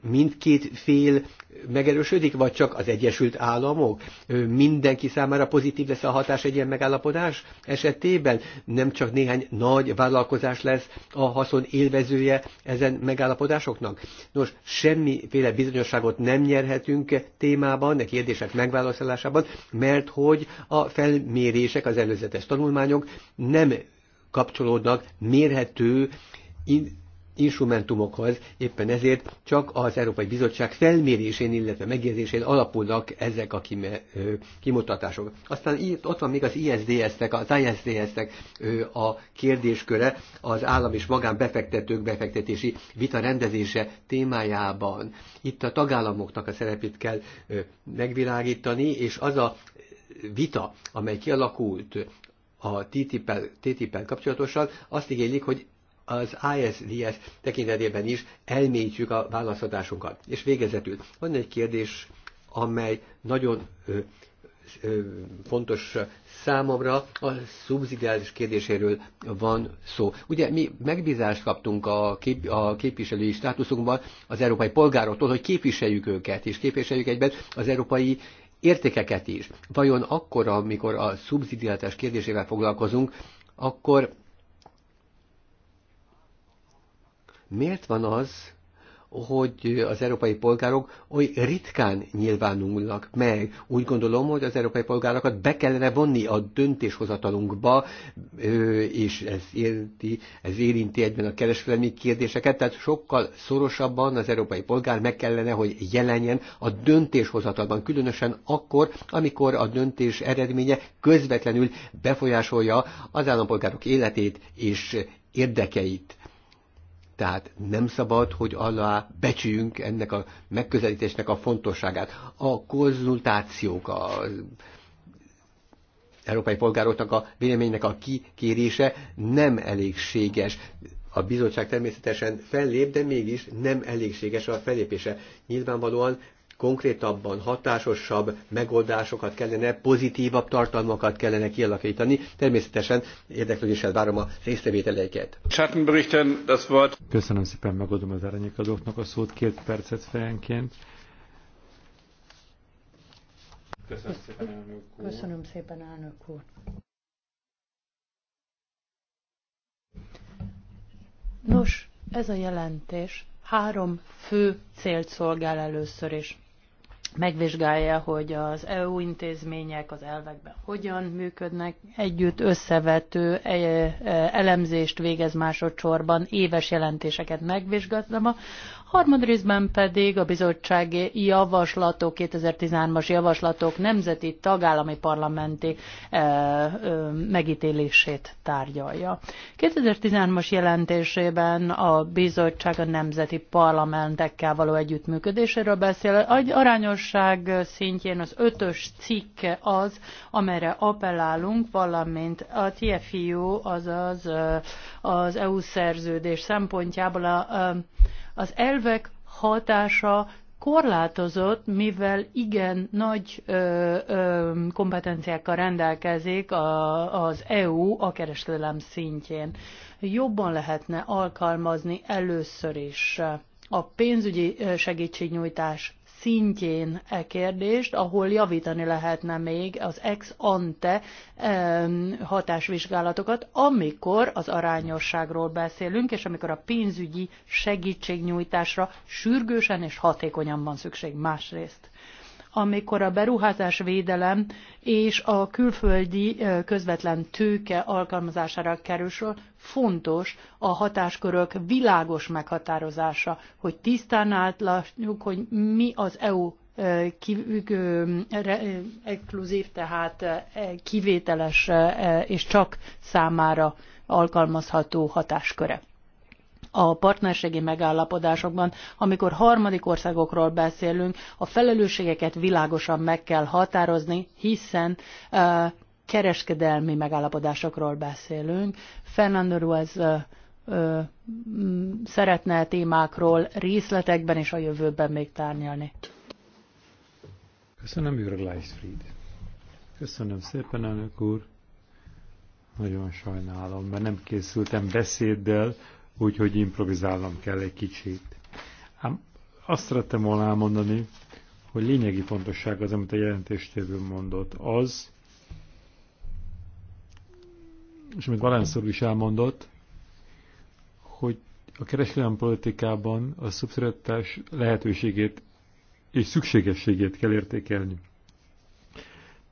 mindkét fél megerősödik, vagy csak az Egyesült Államok? Mindenki számára pozitív lesz a hatás egy ilyen megállapodás esetében? Nem csak néhány nagy vállalkozás lesz a haszon élvezője ezen megállapodásoknak? Nos, semmiféle bizonyosságot nem nyerhetünk témában, a kérdések megválaszolásában, mert hogy a felmérések, az előzetes tanulmányok nem kapcsolódnak mérhető instrumentumokhoz, éppen ezért csak az Európai Bizottság felmérésén, illetve megjegyzésén alapulnak ezek a kime, ö, kimutatások. Aztán itt, ott van még az ISDS-nek, az ISDS-nek a kérdésköre az állam és magán befektetők befektetési vita rendezése témájában. Itt a tagállamoknak a szerepét kell ö, megvilágítani, és az a vita, amely kialakult a TTIP-el, TTIP-el kapcsolatosan, azt igénylik, hogy az ISDS tekintetében is elmélyítjük a válaszadásunkat. És végezetül van egy kérdés, amely nagyon ö, ö, fontos számomra, a szubszidiális kérdéséről van szó. Ugye mi megbízást kaptunk a, kép, a képviselői státuszunkban az európai polgároktól, hogy képviseljük őket, és képviseljük egyben az európai értékeket is. Vajon akkor, amikor a szubszidiáltás kérdésével foglalkozunk, akkor Miért van az, hogy az európai polgárok oly ritkán nyilvánulnak meg. Úgy gondolom, hogy az európai polgárokat be kellene vonni a döntéshozatalunkba, és ez, érinti, ez érinti egyben a kereskedelmi kérdéseket, tehát sokkal szorosabban az európai polgár meg kellene, hogy jelenjen a döntéshozatalban, különösen akkor, amikor a döntés eredménye közvetlenül befolyásolja az állampolgárok életét és érdekeit tehát nem szabad, hogy alá becsüljünk ennek a megközelítésnek a fontosságát. A konzultációk, a európai polgároknak a véleménynek a kikérése nem elégséges. A bizottság természetesen fellép, de mégis nem elégséges a fellépése. Nyilvánvalóan konkrétabban hatásosabb megoldásokat kellene, pozitívabb tartalmakat kellene kialakítani. Természetesen érdeklődéssel várom a részrevételeiket. Köszönöm szépen, megadom az árnyékadóknak a szót két percet fejenként. Köszönöm szépen, úr. Köszönöm szépen, elnök úr. Nos, ez a jelentés három fő célt szolgál először is megvizsgálja, hogy az EU intézmények az elvekben hogyan működnek, együtt összevető e, e, elemzést végez másodszorban, éves jelentéseket megvizsgatva, harmadrészben pedig a bizottsági javaslatok, 2013-as javaslatok nemzeti tagállami parlamenti eh, megítélését tárgyalja. 2013-as jelentésében a bizottság a nemzeti parlamentekkel való együttműködéséről beszél. Egy arányosság szintjén az ötös cikk az, amelyre appellálunk, valamint a TFIU, azaz az EU szerződés szempontjából a, a az elvek hatása korlátozott, mivel igen nagy ö, ö, kompetenciákkal rendelkezik a, az EU a kereskedelem szintjén. Jobban lehetne alkalmazni először is a pénzügyi segítségnyújtás szintjén e kérdést, ahol javítani lehetne még az ex ante hatásvizsgálatokat, amikor az arányosságról beszélünk, és amikor a pénzügyi segítségnyújtásra sürgősen és hatékonyan van szükség másrészt amikor a beruházás védelem és a külföldi közvetlen tőke alkalmazására kerül sor, fontos a hatáskörök világos meghatározása, hogy tisztán átlásjuk, hogy mi az EU exkluzív, tehát e, kivételes és csak számára alkalmazható hatásköre a partnerségi megállapodásokban, amikor harmadik országokról beszélünk, a felelősségeket világosan meg kell határozni, hiszen uh, kereskedelmi megállapodásokról beszélünk. Fernando Ruiz uh, szeretne témákról részletekben és a jövőben még tárgyalni. Köszönöm, Jürg Leisfried. Köszönöm szépen, elnök úr. Nagyon sajnálom, mert nem készültem beszéddel, úgyhogy improvizálnom kell egy kicsit. Ám azt szerettem volna elmondani, hogy lényegi fontosság az, amit a jelentéstevő mondott, az, és amit Valenszor is elmondott, hogy a kereskedelmi politikában a szubszidatás lehetőségét és szükségességét kell értékelni.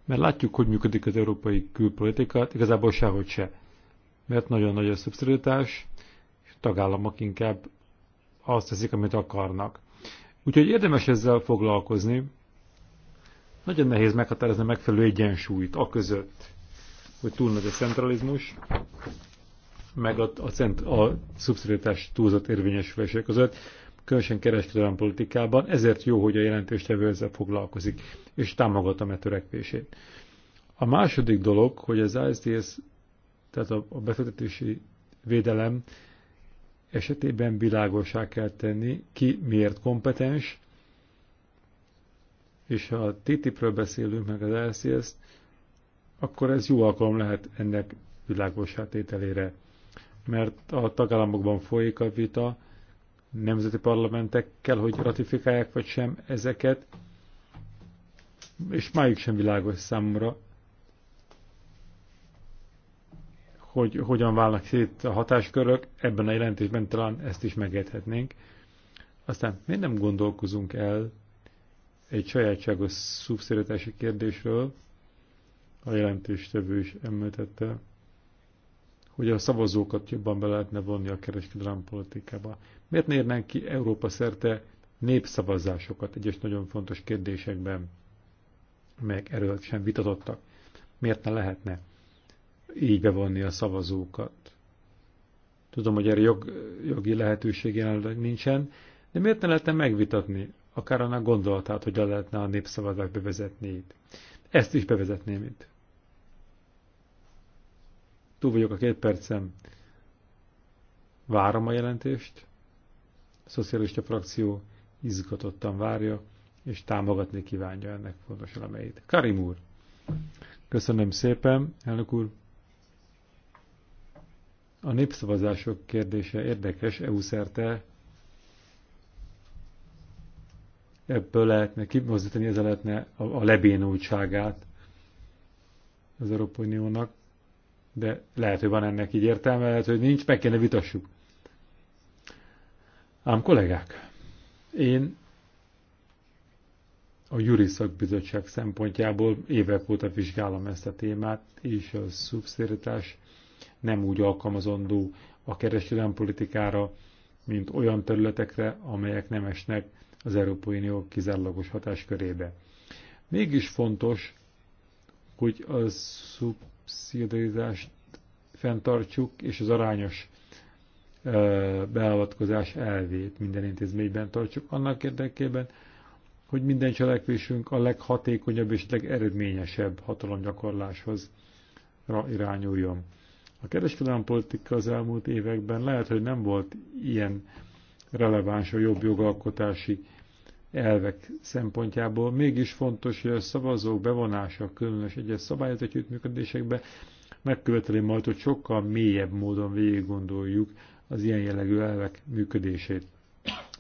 Mert látjuk, hogy működik az európai külpolitika, igazából sehogy se. Mert nagyon nagy a szubszidatás, tagállamok inkább azt teszik, amit akarnak. Úgyhogy érdemes ezzel foglalkozni. Nagyon nehéz meghatározni megfelelő egyensúlyt a között, hogy túl nagy a centralizmus, meg a, a, cent, a szubszidiaritás túlzott érvényesülése között, különösen kereskedelmi politikában, ezért jó, hogy a jelentéstevő ezzel foglalkozik, és támogatom e törekvését. A második dolog, hogy az ISDS, tehát a, a befektetési védelem esetében világosá kell tenni, ki miért kompetens, és ha a TTIP-ről beszélünk meg az lcs akkor ez jó alkalom lehet ennek világosá tételére. Mert a tagállamokban folyik a vita, nemzeti parlamentekkel, hogy ratifikálják vagy sem ezeket, és májuk sem világos számomra, hogy hogyan válnak szét a hatáskörök, ebben a jelentésben talán ezt is megérthetnénk. Aztán miért nem gondolkozunk el egy sajátságos szubszeretási kérdésről, a jelentéstevő is említette, hogy a szavazókat jobban be lehetne vonni a kereskedelem politikába. Miért nérnénk ki Európa szerte népszavazásokat egyes nagyon fontos kérdésekben, meg erről sem vitatottak? Miért ne lehetne? így bevonni a szavazókat. Tudom, hogy erre jog, jogi lehetőség jelenleg nincsen, de miért ne lehetne megvitatni akár annak gondolatát, hogy lehetne a népszavazás bevezetni itt. Ezt is bevezetném itt. Túl vagyok a két percem. Várom a jelentést. A szocialista frakció izgatottan várja, és támogatni kívánja ennek fontos elemeit. Karim úr! Köszönöm szépen, elnök úr! A népszavazások kérdése érdekes EU szerte. Ebből lehetne kimozdítani, ezzel lehetne a, a lebénultságát az Európai Uniónak, de lehet, hogy van ennek így értelme, lehet, hogy nincs, meg kéne vitassuk. Ám kollégák, én a Juri Szakbizottság szempontjából évek óta vizsgálom ezt a témát, és a szubszidiaritás nem úgy alkalmazandó a kereskedelmi politikára, mint olyan területekre, amelyek nem esnek az Európai Unió kizárólagos hatáskörébe. Mégis fontos, hogy a szubszidizást fenntartsuk, és az arányos beavatkozás elvét minden intézményben tartsuk, annak érdekében, hogy minden cselekvésünk a leghatékonyabb és legeredményesebb hatalomgyakorláshoz irányuljon. A kereskedelmi politika az elmúlt években lehet, hogy nem volt ilyen releváns a jobb jogalkotási elvek szempontjából. Mégis fontos, hogy a szavazók bevonása különös egyes szabályozati együttműködésekbe megköveteli majd, hogy sokkal mélyebb módon végig gondoljuk az ilyen jellegű elvek működését.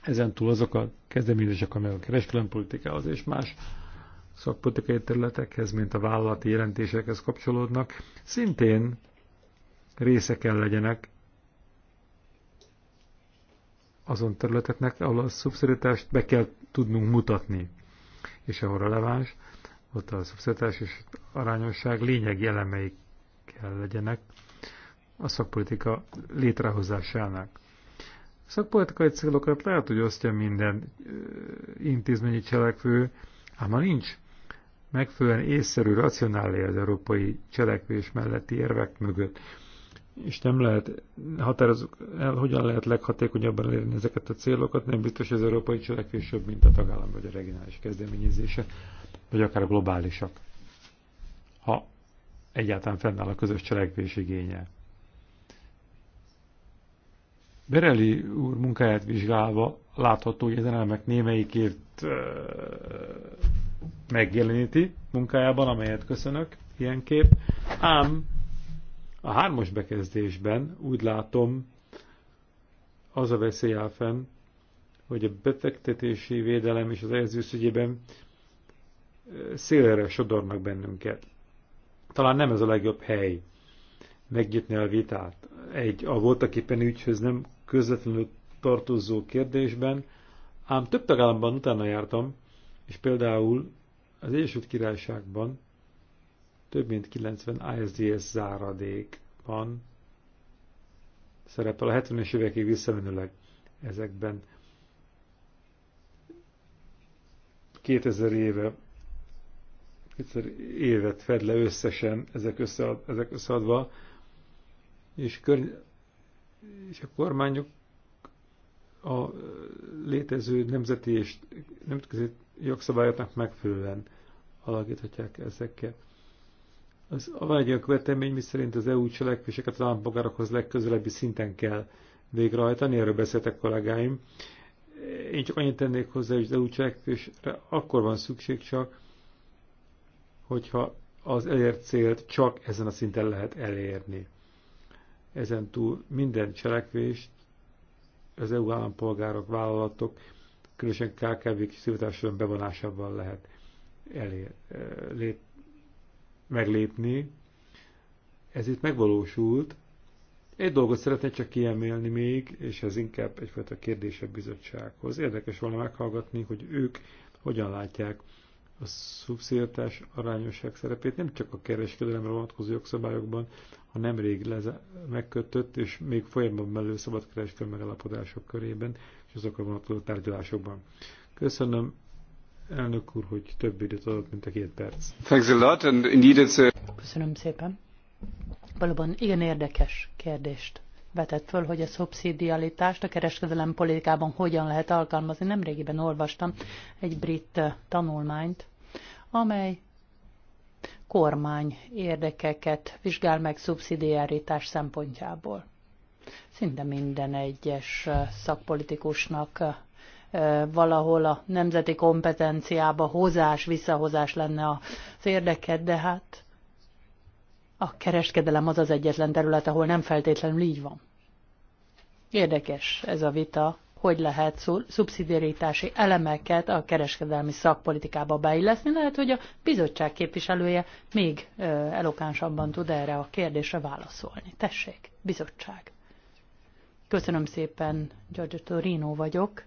Ezen túl azok a kezdeményezések, amelyek a kereskedelempolitikához és más szakpolitikai területekhez, mint a vállalati jelentésekhez kapcsolódnak, szintén része kell legyenek azon területeknek, ahol a szubszidiatást be kell tudnunk mutatni, és ahol releváns, ott a szubszidiatás és arányosság lényegi elemei kell legyenek a szakpolitika létrehozásának. szakpolitikai célokat lehet, hogy osztja minden intézményi cselekvő, ám ha nincs megfelelően észszerű racionális az európai cselekvés melletti érvek mögött, és nem lehet határozunk el, hogyan lehet leghatékonyabban elérni ezeket a célokat, nem biztos, hogy az európai cselekvés jobb, mint a tagállam vagy a regionális kezdeményezése, vagy akár globálisak, ha egyáltalán fennáll a közös cselekvés igénye. Bereli úr munkáját vizsgálva látható, hogy ezen elemek némelyikért megjeleníti munkájában, amelyet köszönök ilyenképp, ám a hármas bekezdésben úgy látom, az a veszély áll fenn, hogy a befektetési védelem és az EZÜSZ ügyében szélre sodornak bennünket. Talán nem ez a legjobb hely megnyitni a vitát. Egy a éppen ügyhöz nem közvetlenül tartozó kérdésben, ám több tagállamban utána jártam, és például az Egyesült Királyságban több mint 90 ISDS záradék van, szerepel a 70-es évekig visszamenőleg ezekben. 2000 éve 2000 évet fed le összesen ezek, összead, ezek összeadva, és, körny- és a kormányok a létező nemzeti és nemzetközi jogszabályoknak megfelelően alakíthatják ezeket. Az egy olyan követelmény, miszerint az EU cselekvéseket az állampolgárokhoz legközelebbi szinten kell végrehajtani, erről beszéltek kollégáim. Én csak annyit tennék hozzá, hogy az EU cselekvésre akkor van szükség csak, hogyha az elért célt csak ezen a szinten lehet elérni. Ezen túl minden cselekvést az EU állampolgárok, vállalatok, különösen KKV-k szivatásban bevonásával lehet elér, lét, meglépni. Ez itt megvalósult. Egy dolgot szeretnék csak kiemelni még, és ez inkább egyfajta kérdés a bizottsághoz. Érdekes volna meghallgatni, hogy ők hogyan látják a szubszidiatás arányosság szerepét nem csak a kereskedelemre vonatkozó jogszabályokban, ha nemrég megkötött és még folyamatban belül szabadkereskedelmi megállapodások körében és azokra vonatkozó tárgyalásokban. Köszönöm elnök úr, hogy több időt adott, mint a két perc. Thanks a lot, and indeed it's a... Köszönöm szépen. Valóban igen érdekes kérdést vetett föl, hogy a szubszidialitást a kereskedelem politikában hogyan lehet alkalmazni. Nemrégiben olvastam egy brit eh, tanulmányt, amely kormány érdekeket vizsgál meg szubszidiaritás szempontjából. Szinte minden egyes eh, szakpolitikusnak eh, valahol a nemzeti kompetenciába hozás, visszahozás lenne az érdeket, de hát a kereskedelem az az egyetlen terület, ahol nem feltétlenül így van. Érdekes ez a vita, hogy lehet szubszidiaritási elemeket a kereskedelmi szakpolitikába beilleszni. Lehet, hogy a bizottság képviselője még elokánsabban tud erre a kérdésre válaszolni. Tessék, bizottság. Köszönöm szépen, Giorgio Torino vagyok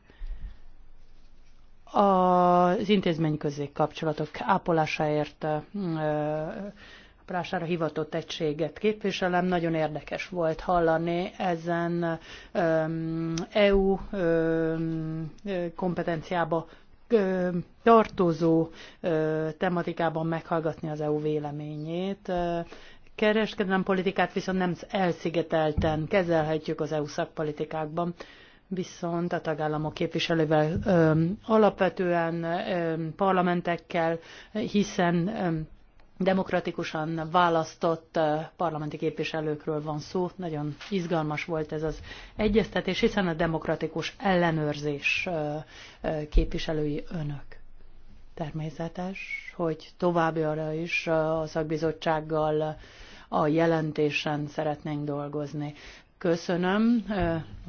az közé kapcsolatok ápolásáért ápolására hivatott egységet képviselem. Nagyon érdekes volt hallani ezen EU kompetenciába tartozó tematikában meghallgatni az EU véleményét. Kereskedelem politikát viszont nem elszigetelten kezelhetjük az EU szakpolitikákban viszont a tagállamok képviselővel ö, alapvetően ö, parlamentekkel, hiszen ö, demokratikusan választott parlamenti képviselőkről van szó. Nagyon izgalmas volt ez az egyeztetés, hiszen a demokratikus ellenőrzés képviselői önök. Természetes, hogy további arra is a szakbizottsággal a jelentésen szeretnénk dolgozni. Köszönöm.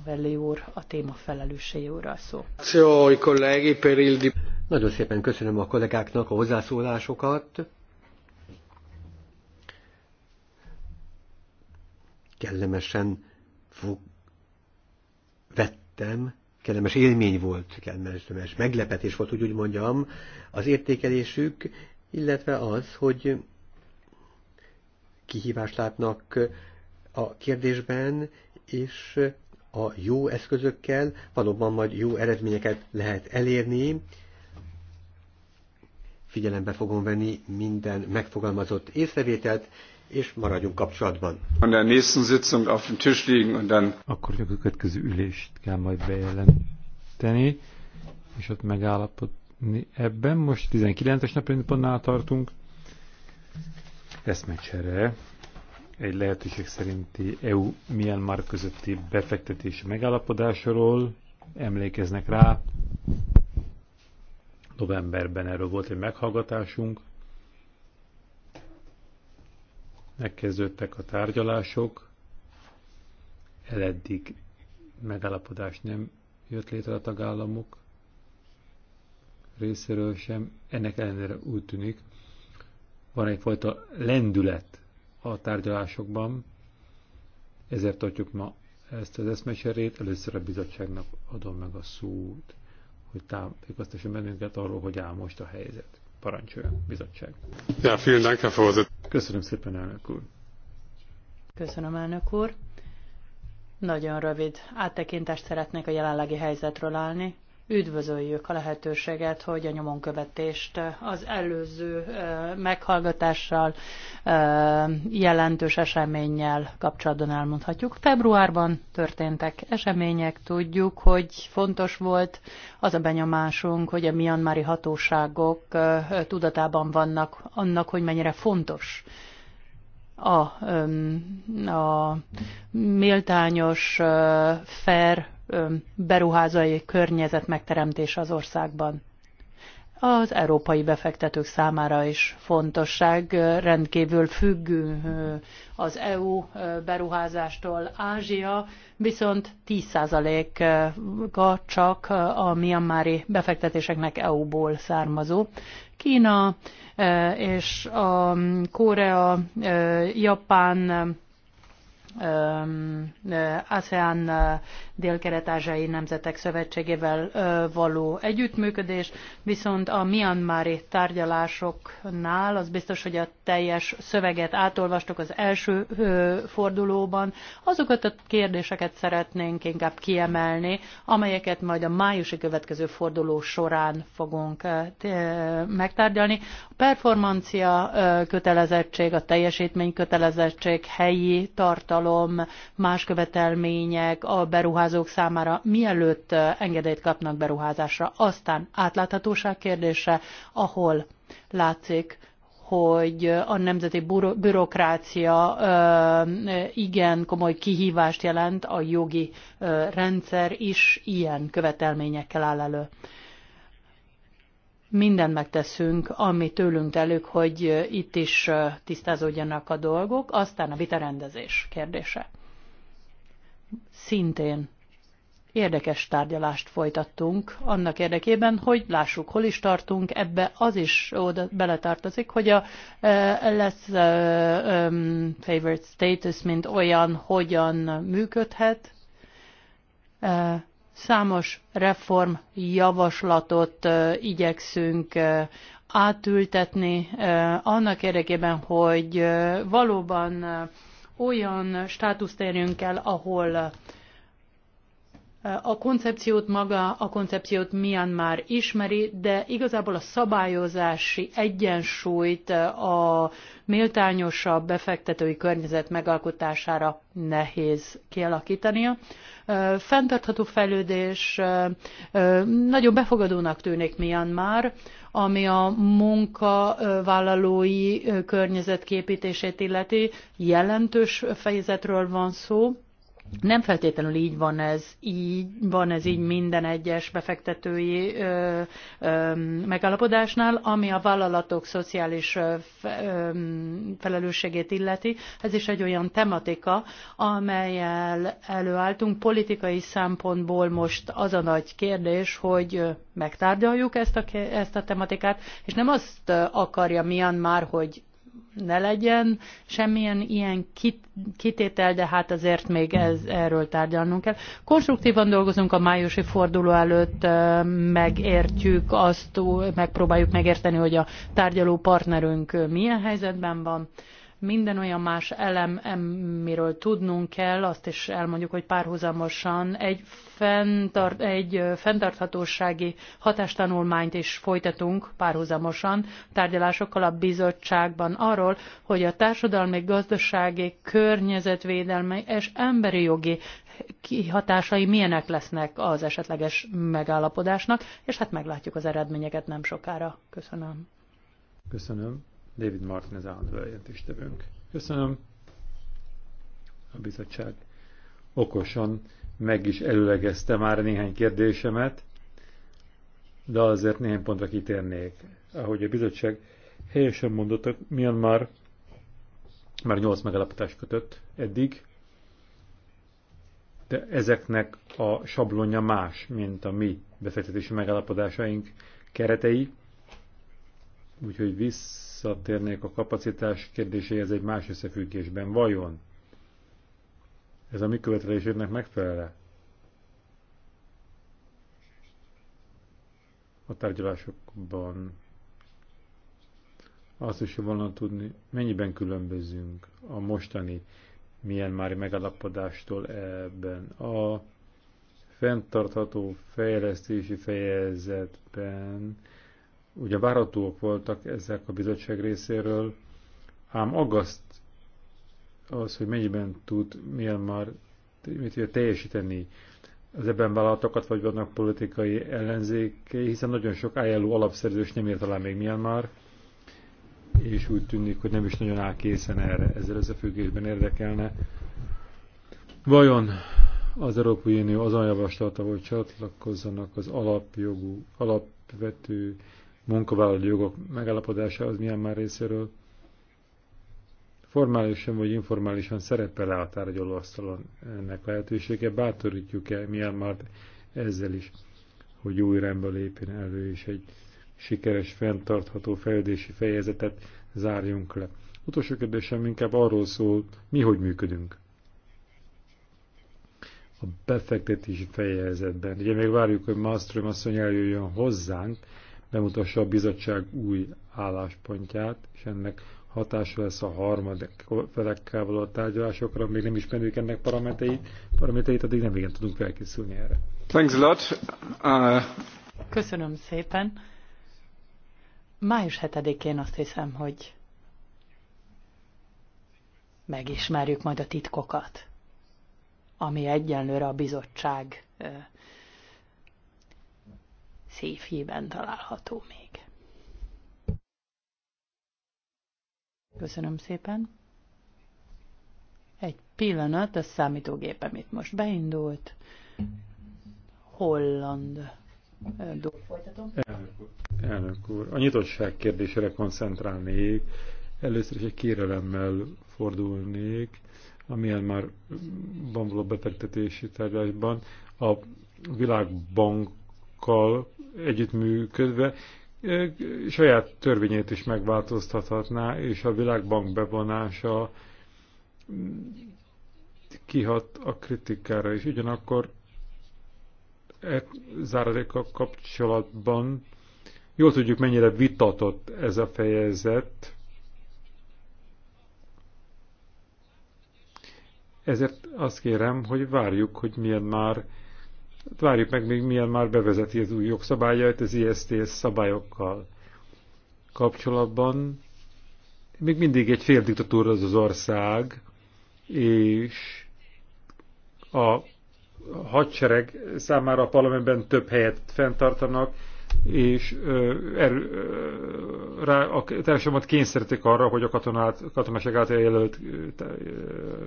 Velli úr, a téma felelőssége úrral szó. Nagyon szépen köszönöm a kollégáknak a hozzászólásokat. Kellemesen fog... vettem, kellemes élmény volt, kellemes meglepetés volt, úgy, úgy mondjam, az értékelésük, illetve az, hogy kihívást látnak a kérdésben, és a jó eszközökkel valóban majd jó eredményeket lehet elérni. Figyelembe fogom venni minden megfogalmazott észrevételt, és maradjunk kapcsolatban. An der nächsten Sitzung auf dem Tisch liegen und dann... Akkor a következő ülést kell majd bejelenteni, és ott megállapodni ebben. Most 19-es napi pontnál tartunk. megcsere egy lehetőség szerinti EU-Myanmar közötti befektetési megállapodásról. Emlékeznek rá, novemberben erről volt egy meghallgatásunk. Megkezdődtek a tárgyalások, eleddig megállapodás nem jött létre a tagállamok részéről sem. Ennek ellenére úgy tűnik, van egyfajta lendület a tárgyalásokban, ezért adjuk ma ezt az eszmeserét. Először a bizottságnak adom meg a szót, hogy tájékoztasson bennünket arról, hogy áll most a helyzet. Parancsoljon, bizottság. Ja, vielen Dank, Herr Köszönöm szépen, elnök úr. Köszönöm, elnök úr. Nagyon rövid áttekintést szeretnék a jelenlegi helyzetről állni, Üdvözöljük a lehetőséget, hogy a nyomonkövetést az előző meghallgatással jelentős eseménnyel kapcsolatban elmondhatjuk. Februárban történtek események, tudjuk, hogy fontos volt az a benyomásunk, hogy a mianmári hatóságok tudatában vannak annak, hogy mennyire fontos a, a méltányos, fair beruházói környezet megteremtése az országban. Az európai befektetők számára is fontosság, rendkívül függő az EU beruházástól. Ázsia viszont 10%-a csak a miammári befektetéseknek EU-ból származó. Kína és a Korea, Japán ASEAN délkelet-ázsiai nemzetek szövetségével való együttműködés, viszont a Myanmari tárgyalásoknál az biztos, hogy a teljes szöveget átolvastuk az első fordulóban. Azokat a kérdéseket szeretnénk inkább kiemelni, amelyeket majd a májusi következő forduló során fogunk megtárgyalni. A performancia kötelezettség, a teljesítmény kötelezettség, helyi tartalom, tartalom, más követelmények a beruházók számára, mielőtt eh, engedélyt kapnak beruházásra. Aztán átláthatóság kérdése, ahol látszik, hogy eh, a nemzeti bürokrácia eh, igen komoly kihívást jelent, a jogi rendszer is ilyen követelményekkel áll elő mindent megteszünk, ami tőlünk telük, hogy itt is tisztázódjanak a dolgok. Aztán a vitarendezés kérdése. Szintén érdekes tárgyalást folytattunk annak érdekében, hogy lássuk, hol is tartunk. Ebbe az is oda beletartozik, hogy a lesz um, favorite status, mint olyan, hogyan működhet. Számos reform javaslatot igyekszünk átültetni annak érdekében, hogy valóban olyan státuszt érjünk el, ahol a koncepciót maga, a koncepciót milyen már ismeri, de igazából a szabályozási egyensúlyt a méltányosabb befektetői környezet megalkotására nehéz kialakítania fenntartható fejlődés, nagyon befogadónak tűnik Myanmar, ami a munkavállalói környezet képítését illeti. Jelentős fejezetről van szó, nem feltétlenül így van ez, így van ez így minden egyes befektetői ö, ö, megállapodásnál, ami a vállalatok szociális ö, ö, felelősségét illeti. Ez is egy olyan tematika, amelyel előálltunk. Politikai szempontból most az a nagy kérdés, hogy megtárgyaljuk ezt a, ezt a tematikát, és nem azt akarja Mian már, hogy ne legyen semmilyen ilyen kit, kitétel, de hát azért még ez, erről tárgyalnunk kell. Konstruktívan dolgozunk a májusi forduló előtt, megértjük azt, megpróbáljuk megérteni, hogy a tárgyaló partnerünk milyen helyzetben van minden olyan más elem, amiről tudnunk kell, azt is elmondjuk, hogy párhuzamosan egy, fenntart, egy fenntarthatósági hatástanulmányt is folytatunk párhuzamosan tárgyalásokkal a bizottságban arról, hogy a társadalmi, gazdasági, környezetvédelmi és emberi jogi kihatásai milyenek lesznek az esetleges megállapodásnak, és hát meglátjuk az eredményeket nem sokára. Köszönöm. Köszönöm. David Martin az állandó jelentéstevőnk. Köszönöm. A bizottság okosan meg is előlegezte már néhány kérdésemet, de azért néhány pontra kitérnék. Ahogy a bizottság helyesen mondottak, Myanmar már 8 megállapotást kötött eddig, de ezeknek a sablonja más, mint a mi befektetési megállapodásaink keretei. Úgyhogy visszatérnék a kapacitás kérdéséhez egy más összefüggésben. Vajon ez a mi megfelel megfelele? A tárgyalásokban azt is volna tudni, mennyiben különbözünk a mostani milyen már megalapodástól ebben. A fenntartható fejlesztési fejezetben ugye váratóak voltak ezek a bizottság részéről, ám aggaszt az, hogy mennyiben tud Myanmar mit tudja teljesíteni az ebben vállalatokat, vagy vannak politikai ellenzékei, hiszen nagyon sok ILO alapszerzős nem ért alá még Myanmar, és úgy tűnik, hogy nem is nagyon áll készen erre. Ezzel összefüggésben érdekelne. Vajon az Európai Unió azon javaslata, hogy csatlakozzanak az alapjogú, alapvető munkavállaló jogok megállapodása az milyen már részéről formálisan vagy informálisan szerepel a tárgyalóasztalon ennek lehetősége, bátorítjuk-e milyen már ezzel is, hogy új rendbe lépjen elő, és egy sikeres, fenntartható fejlődési fejezetet zárjunk le. Utolsó kérdésem inkább arról szól, mi hogy működünk. A befektetési fejezetben. Ugye még várjuk, hogy Mastrom asszony eljöjjön hozzánk, bemutassa a bizottság új álláspontját, és ennek hatása lesz a harmadik felekkel való tárgyalásokra, még nem ismerjük ennek paramétereit, paramétereit addig nem igen tudunk felkészülni erre. Thanks a lot. Uh... Köszönöm szépen. Május 7-én azt hiszem, hogy megismerjük majd a titkokat, ami egyenlőre a bizottság eh, széfjében található még. Köszönöm szépen. Egy pillanat, a számítógépem itt most beindult. Holland. Folytatom. Elnök, elnök úr, a nyitottság kérdésére koncentrálnék. Először is egy kérelemmel fordulnék, amilyen már való befektetési tárgyalásban a világbankkal együttműködve saját törvényét is megváltoztathatná, és a világbank bevonása kihat a kritikára is. Ugyanakkor e záradéka kapcsolatban jól tudjuk, mennyire vitatott ez a fejezet, ezért azt kérem, hogy várjuk, hogy milyen már Várjuk meg még milyen már bevezeti az új jogszabályait az ISTS szabályokkal kapcsolatban. Még mindig egy fél diktatúra az az ország, és a hadsereg számára a parlamentben több helyet fenntartanak, és er, a társadalmat kényszerítik arra, hogy a katonát, katonaság által jelölt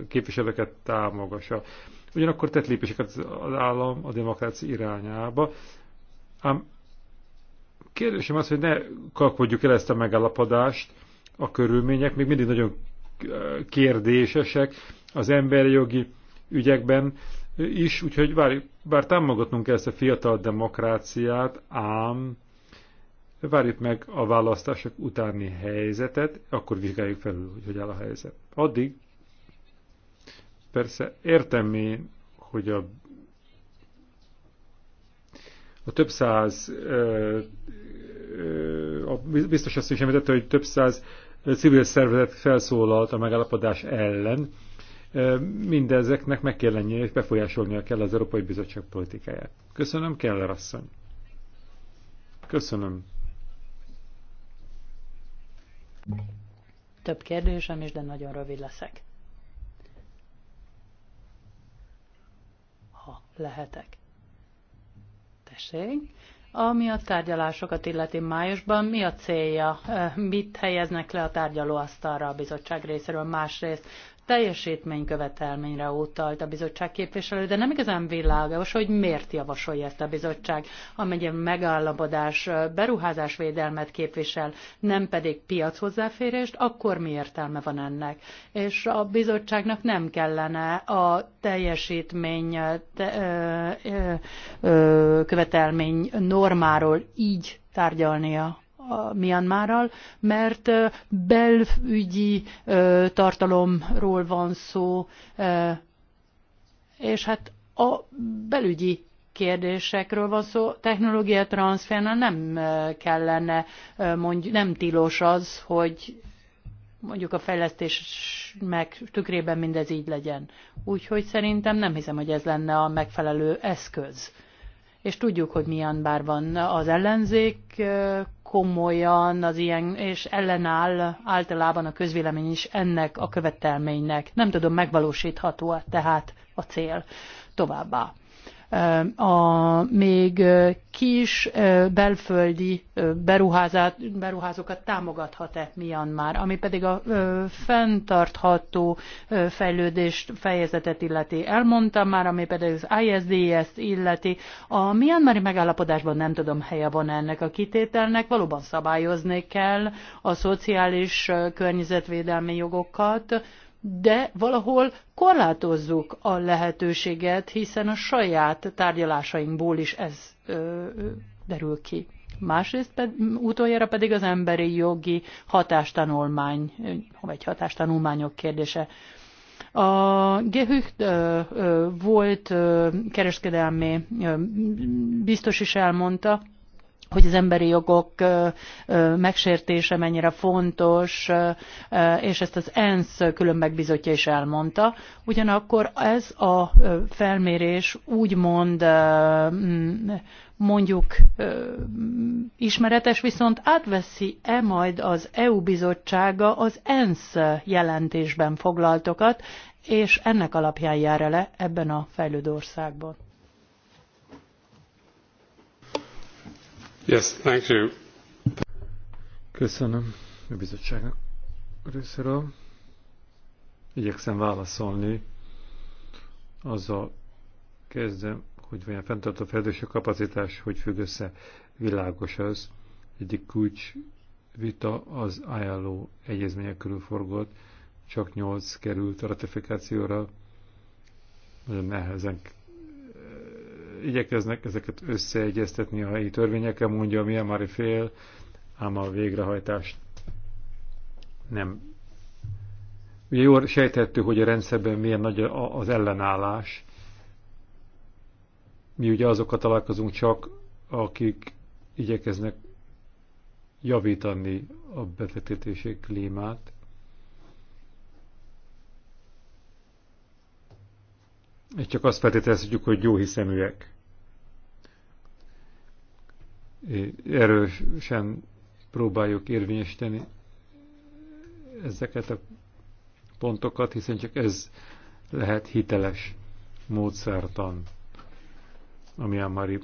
képviselőket támogassa. Ugyanakkor tett lépéseket az állam a demokrácia irányába, ám kérdésem az, hogy ne kalkodjuk el ezt a megállapodást, a körülmények még mindig nagyon kérdésesek az emberi jogi ügyekben is, úgyhogy bár, bár támogatnunk kell ezt a fiatal demokráciát, ám várjuk meg a választások utáni helyzetet, akkor vizsgáljuk felül, hogy hogy áll a helyzet. Addig Persze értem én, hogy a, a több száz a biztos azt is említette, hogy több száz civil szervezet felszólalt a megállapodás ellen, mindezeknek meg kell lennie, és befolyásolnia kell az Európai Bizottság politikáját. Köszönöm, Keller asszony. Köszönöm. Több kérdésem is, de nagyon rövid leszek. lehetek. Tessék. Ami a tárgyalásokat illeti májusban, mi a célja? Mit helyeznek le a tárgyalóasztalra a bizottság részéről? Másrészt Teljesítmény követelményre utalt a bizottság képviselő, de nem igazán világos, hogy miért javasolja ezt a bizottság, amennyiben megállapodás beruházásvédelmet képvisel, nem pedig piachozzáférést, akkor mi értelme van ennek? És a bizottságnak nem kellene a teljesítmény te, ö, ö, követelmény normáról így tárgyalnia Myanmarral, mert belügyi tartalomról van szó, és hát a belügyi kérdésekről van szó, technológia transfernál nem kellene, mondjuk, nem tilos az, hogy mondjuk a fejlesztés meg tükrében mindez így legyen. Úgyhogy szerintem nem hiszem, hogy ez lenne a megfelelő eszköz és tudjuk, hogy milyen bár van az ellenzék komolyan az ilyen, és ellenáll általában a közvélemény is ennek a követelménynek. Nem tudom, megvalósítható -e tehát a cél továbbá a még kis belföldi beruházókat támogathat-e Myanmar, ami pedig a fenntartható fejlődést fejezetet illeti. Elmondtam már, ami pedig az ISDS illeti. A Myanmari megállapodásban nem tudom helye van ennek a kitételnek, valóban szabályozni kell a szociális környezetvédelmi jogokat, de valahol korlátozzuk a lehetőséget, hiszen a saját tárgyalásainkból is ez ö, derül ki. Másrészt ped, utoljára pedig az emberi jogi hatástanulmány, vagy hatástanulmányok kérdése. A Gehücht volt kereskedelmi biztos is elmondta, hogy az emberi jogok megsértése mennyire fontos, és ezt az ENSZ megbizotja is elmondta. Ugyanakkor ez a felmérés úgymond mondjuk ismeretes, viszont átveszi-e majd az EU bizottsága az ENSZ jelentésben foglaltokat, és ennek alapján jár -e le ebben a fejlődő országban. Yes, thank you. Köszönöm a bizottságnak részéről. Igyekszem válaszolni. Azzal kezdem, hogy vajon fenntartó fejlődési kapacitás, hogy függ össze, világos az. Egyik kulcs vita az ajánló egyezmények körül forgott, csak 8 került a ratifikációra. Nagyon nehezen igyekeznek ezeket összeegyeztetni a helyi törvényekkel, mondja a már fél, ám a végrehajtást nem. Ugye jól sejthető, hogy a rendszerben milyen nagy az ellenállás. Mi ugye azokat találkozunk csak, akik igyekeznek javítani a befektetési klímát. Csak azt feltételezhetjük, hogy jó hiszeműek. Erről sem próbáljuk érvényesíteni ezeket a pontokat, hiszen csak ez lehet hiteles módszertan a Myanmari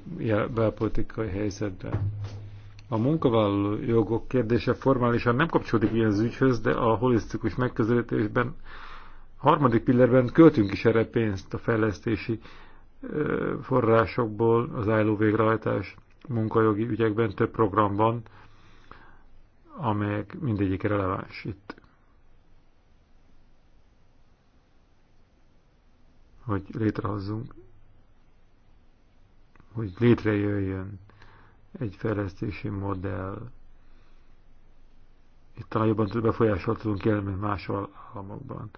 belpolitikai helyzetben. A munkavállaló jogok kérdése formálisan nem kapcsolódik ilyen az ügyhöz, de a holisztikus megközelítésben harmadik pillérben költünk is erre pénzt a fejlesztési forrásokból az álló végrehajtás munkajogi ügyekben több program van, amelyek mindegyik releváns itt. Hogy létrehozzunk, hogy létrejöjjön egy fejlesztési modell. Itt talán jobban befolyásolt tudunk élni, mint más államokban.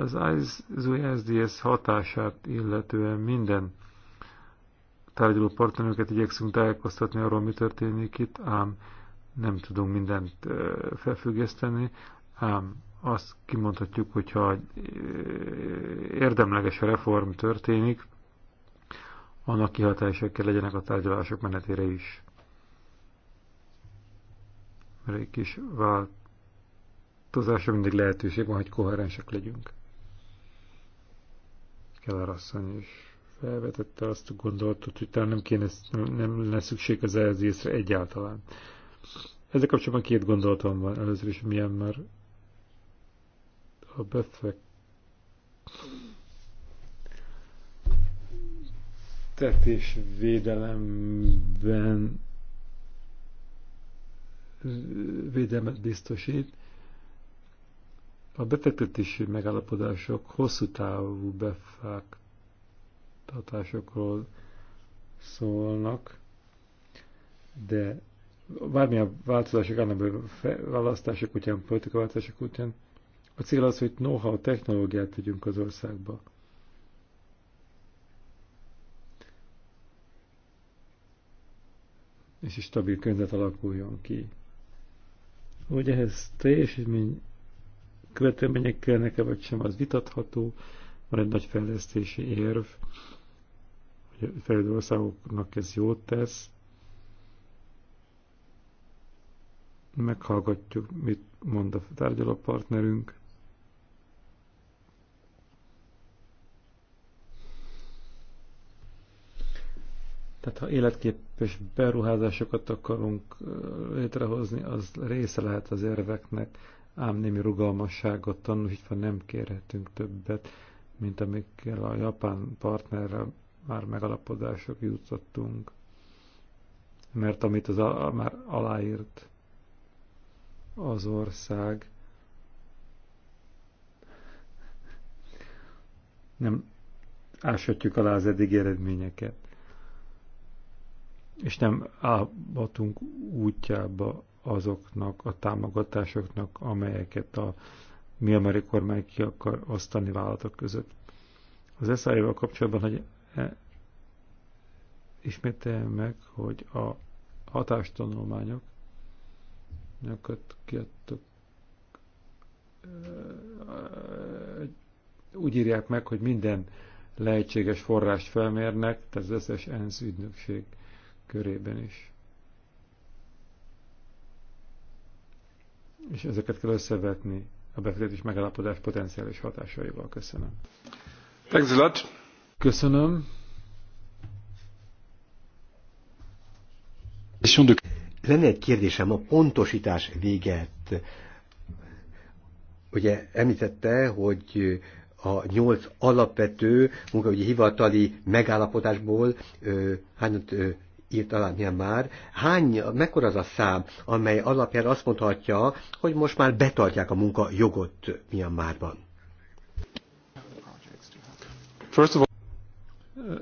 Az ISDS hatását illetően minden tárgyaló partnerünket igyekszünk tájékoztatni arról, mi történik itt, ám nem tudunk mindent felfüggeszteni, ám azt kimondhatjuk, hogyha érdemleges reform történik, annak kihatása kell legyenek a tárgyalások menetére is. Mert egy kis változásra mindig lehetőség van, hogy koherensek legyünk. Keller asszony felvetette azt a gondolatot, hogy talán nem, kéne, nem lenne szükség az EZS-re egyáltalán. Ezzel kapcsolatban két gondolatom van. Először is milyen már a befek befektetés védelemben védelmet biztosít. A befektetési megállapodások hosszú távú befektetésekről szólnak, de bármilyen változások állnak, választások után, változások után, a cél az, hogy know-how technológiát vigyünk az országba. És is stabil környezet alakuljon ki. Hogy ehhez teljesítmény követelmények kellnek-e vagy sem, az vitatható. Van egy nagy fejlesztési érv, hogy a fejlődő országoknak ez jót tesz. Meghallgatjuk, mit mond a tárgyalópartnerünk. Tehát ha életképes beruházásokat akarunk létrehozni, az része lehet az érveknek ám némi rugalmasságot tanúsítva nem kérhetünk többet, mint amikkel a japán partnerrel már megalapodások jutottunk, mert amit az a, már aláírt az ország, nem ásatjuk alá az eddig eredményeket, és nem állhatunk útjába azoknak a támogatásoknak, amelyeket a amerikai kormány ki akar osztani vállalatok között. Az SZI-val kapcsolatban, hogy e, ismételjem meg, hogy a hatástanulmányok nyakat kiadtak e, úgy írják meg, hogy minden lehetséges forrást felmérnek, tehát az összes ENSZ ügynökség körében is. és ezeket kell összevetni a befektetés megállapodás potenciális hatásaival. Köszönöm. Thanks a lot. Köszönöm. Lenne egy kérdésem a pontosítás véget. Ugye említette, hogy a nyolc alapvető munkaügyi hivatali megállapodásból hányat írt alá már hány, mekkora az a szám, amely alapján azt mondhatja, hogy most már betartják a munka jogot Myanmarban? márban?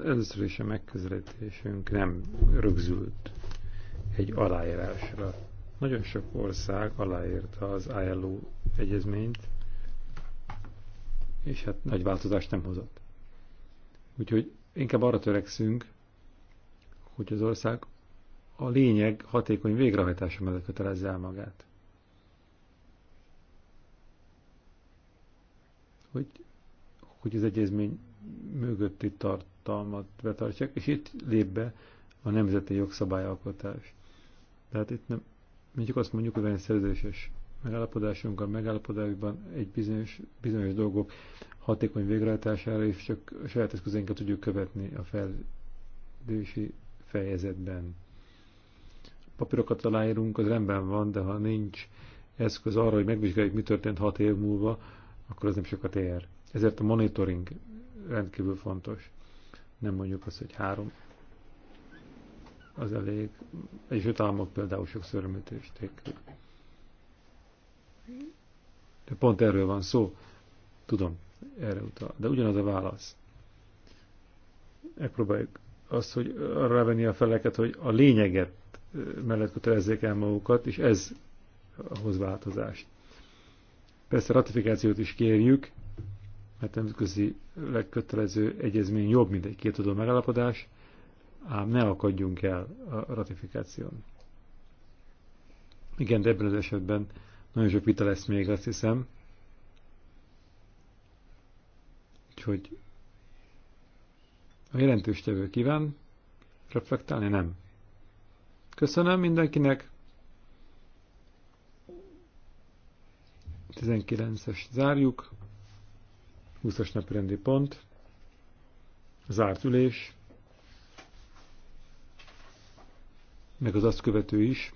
Először is a megközelítésünk nem rögzült egy aláírásra. Nagyon sok ország aláírta az ILO egyezményt, és hát nagy változást nem hozott. Úgyhogy inkább arra törekszünk, hogy az ország a lényeg hatékony végrehajtása mellett kötelezze el magát. Hogy, hogy az egyezmény mögötti tartalmat betartják, és itt lép be a nemzeti jogszabályalkotás. Tehát itt nem, mondjuk azt mondjuk, hogy van egy szerződéses megállapodásunk, a megállapodásban egy bizonyos, bizonyos dolgok hatékony végrehajtására, és csak a saját eszközénket tudjuk követni a fejlődési fejezetben. Papírokat aláírunk, az rendben van, de ha nincs eszköz arra, hogy megvizsgáljuk, mi történt hat év múlva, akkor az nem sokat ér. Ezért a monitoring rendkívül fontos. Nem mondjuk azt, hogy három az elég. öt Államok például sok említették. De pont erről van szó. Tudom, erre utal. De ugyanaz a válasz. Megpróbáljuk azt, hogy arra venni a feleket, hogy a lényeget mellett kötelezzék el magukat, és ez hoz változást. Persze ratifikációt is kérjük, mert nemzetközi legkötelező egyezmény jobb, mint egy kétoldalú megalapodás, ám ne akadjunk el a ratifikáción. Igen, de ebben az esetben nagyon sok vita lesz még, azt hiszem. Úgyhogy a jelentős tevő kíván reflektálni? Nem. Köszönöm mindenkinek. 19-es zárjuk. 20-as naprendi pont. Zárt ülés. Meg az azt követő is.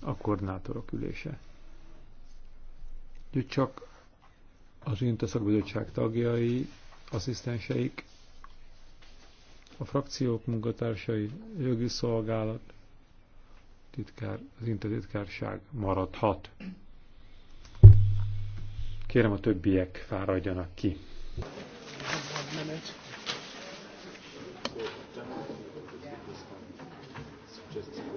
A koordinátorok ülése. Úgyhogy csak az Ünteszakbizottság tagjai, asszisztenseik a frakciók munkatársai, jogi szolgálat, titkár, az intézetkárság maradhat. Kérem a többiek fáradjanak ki. Just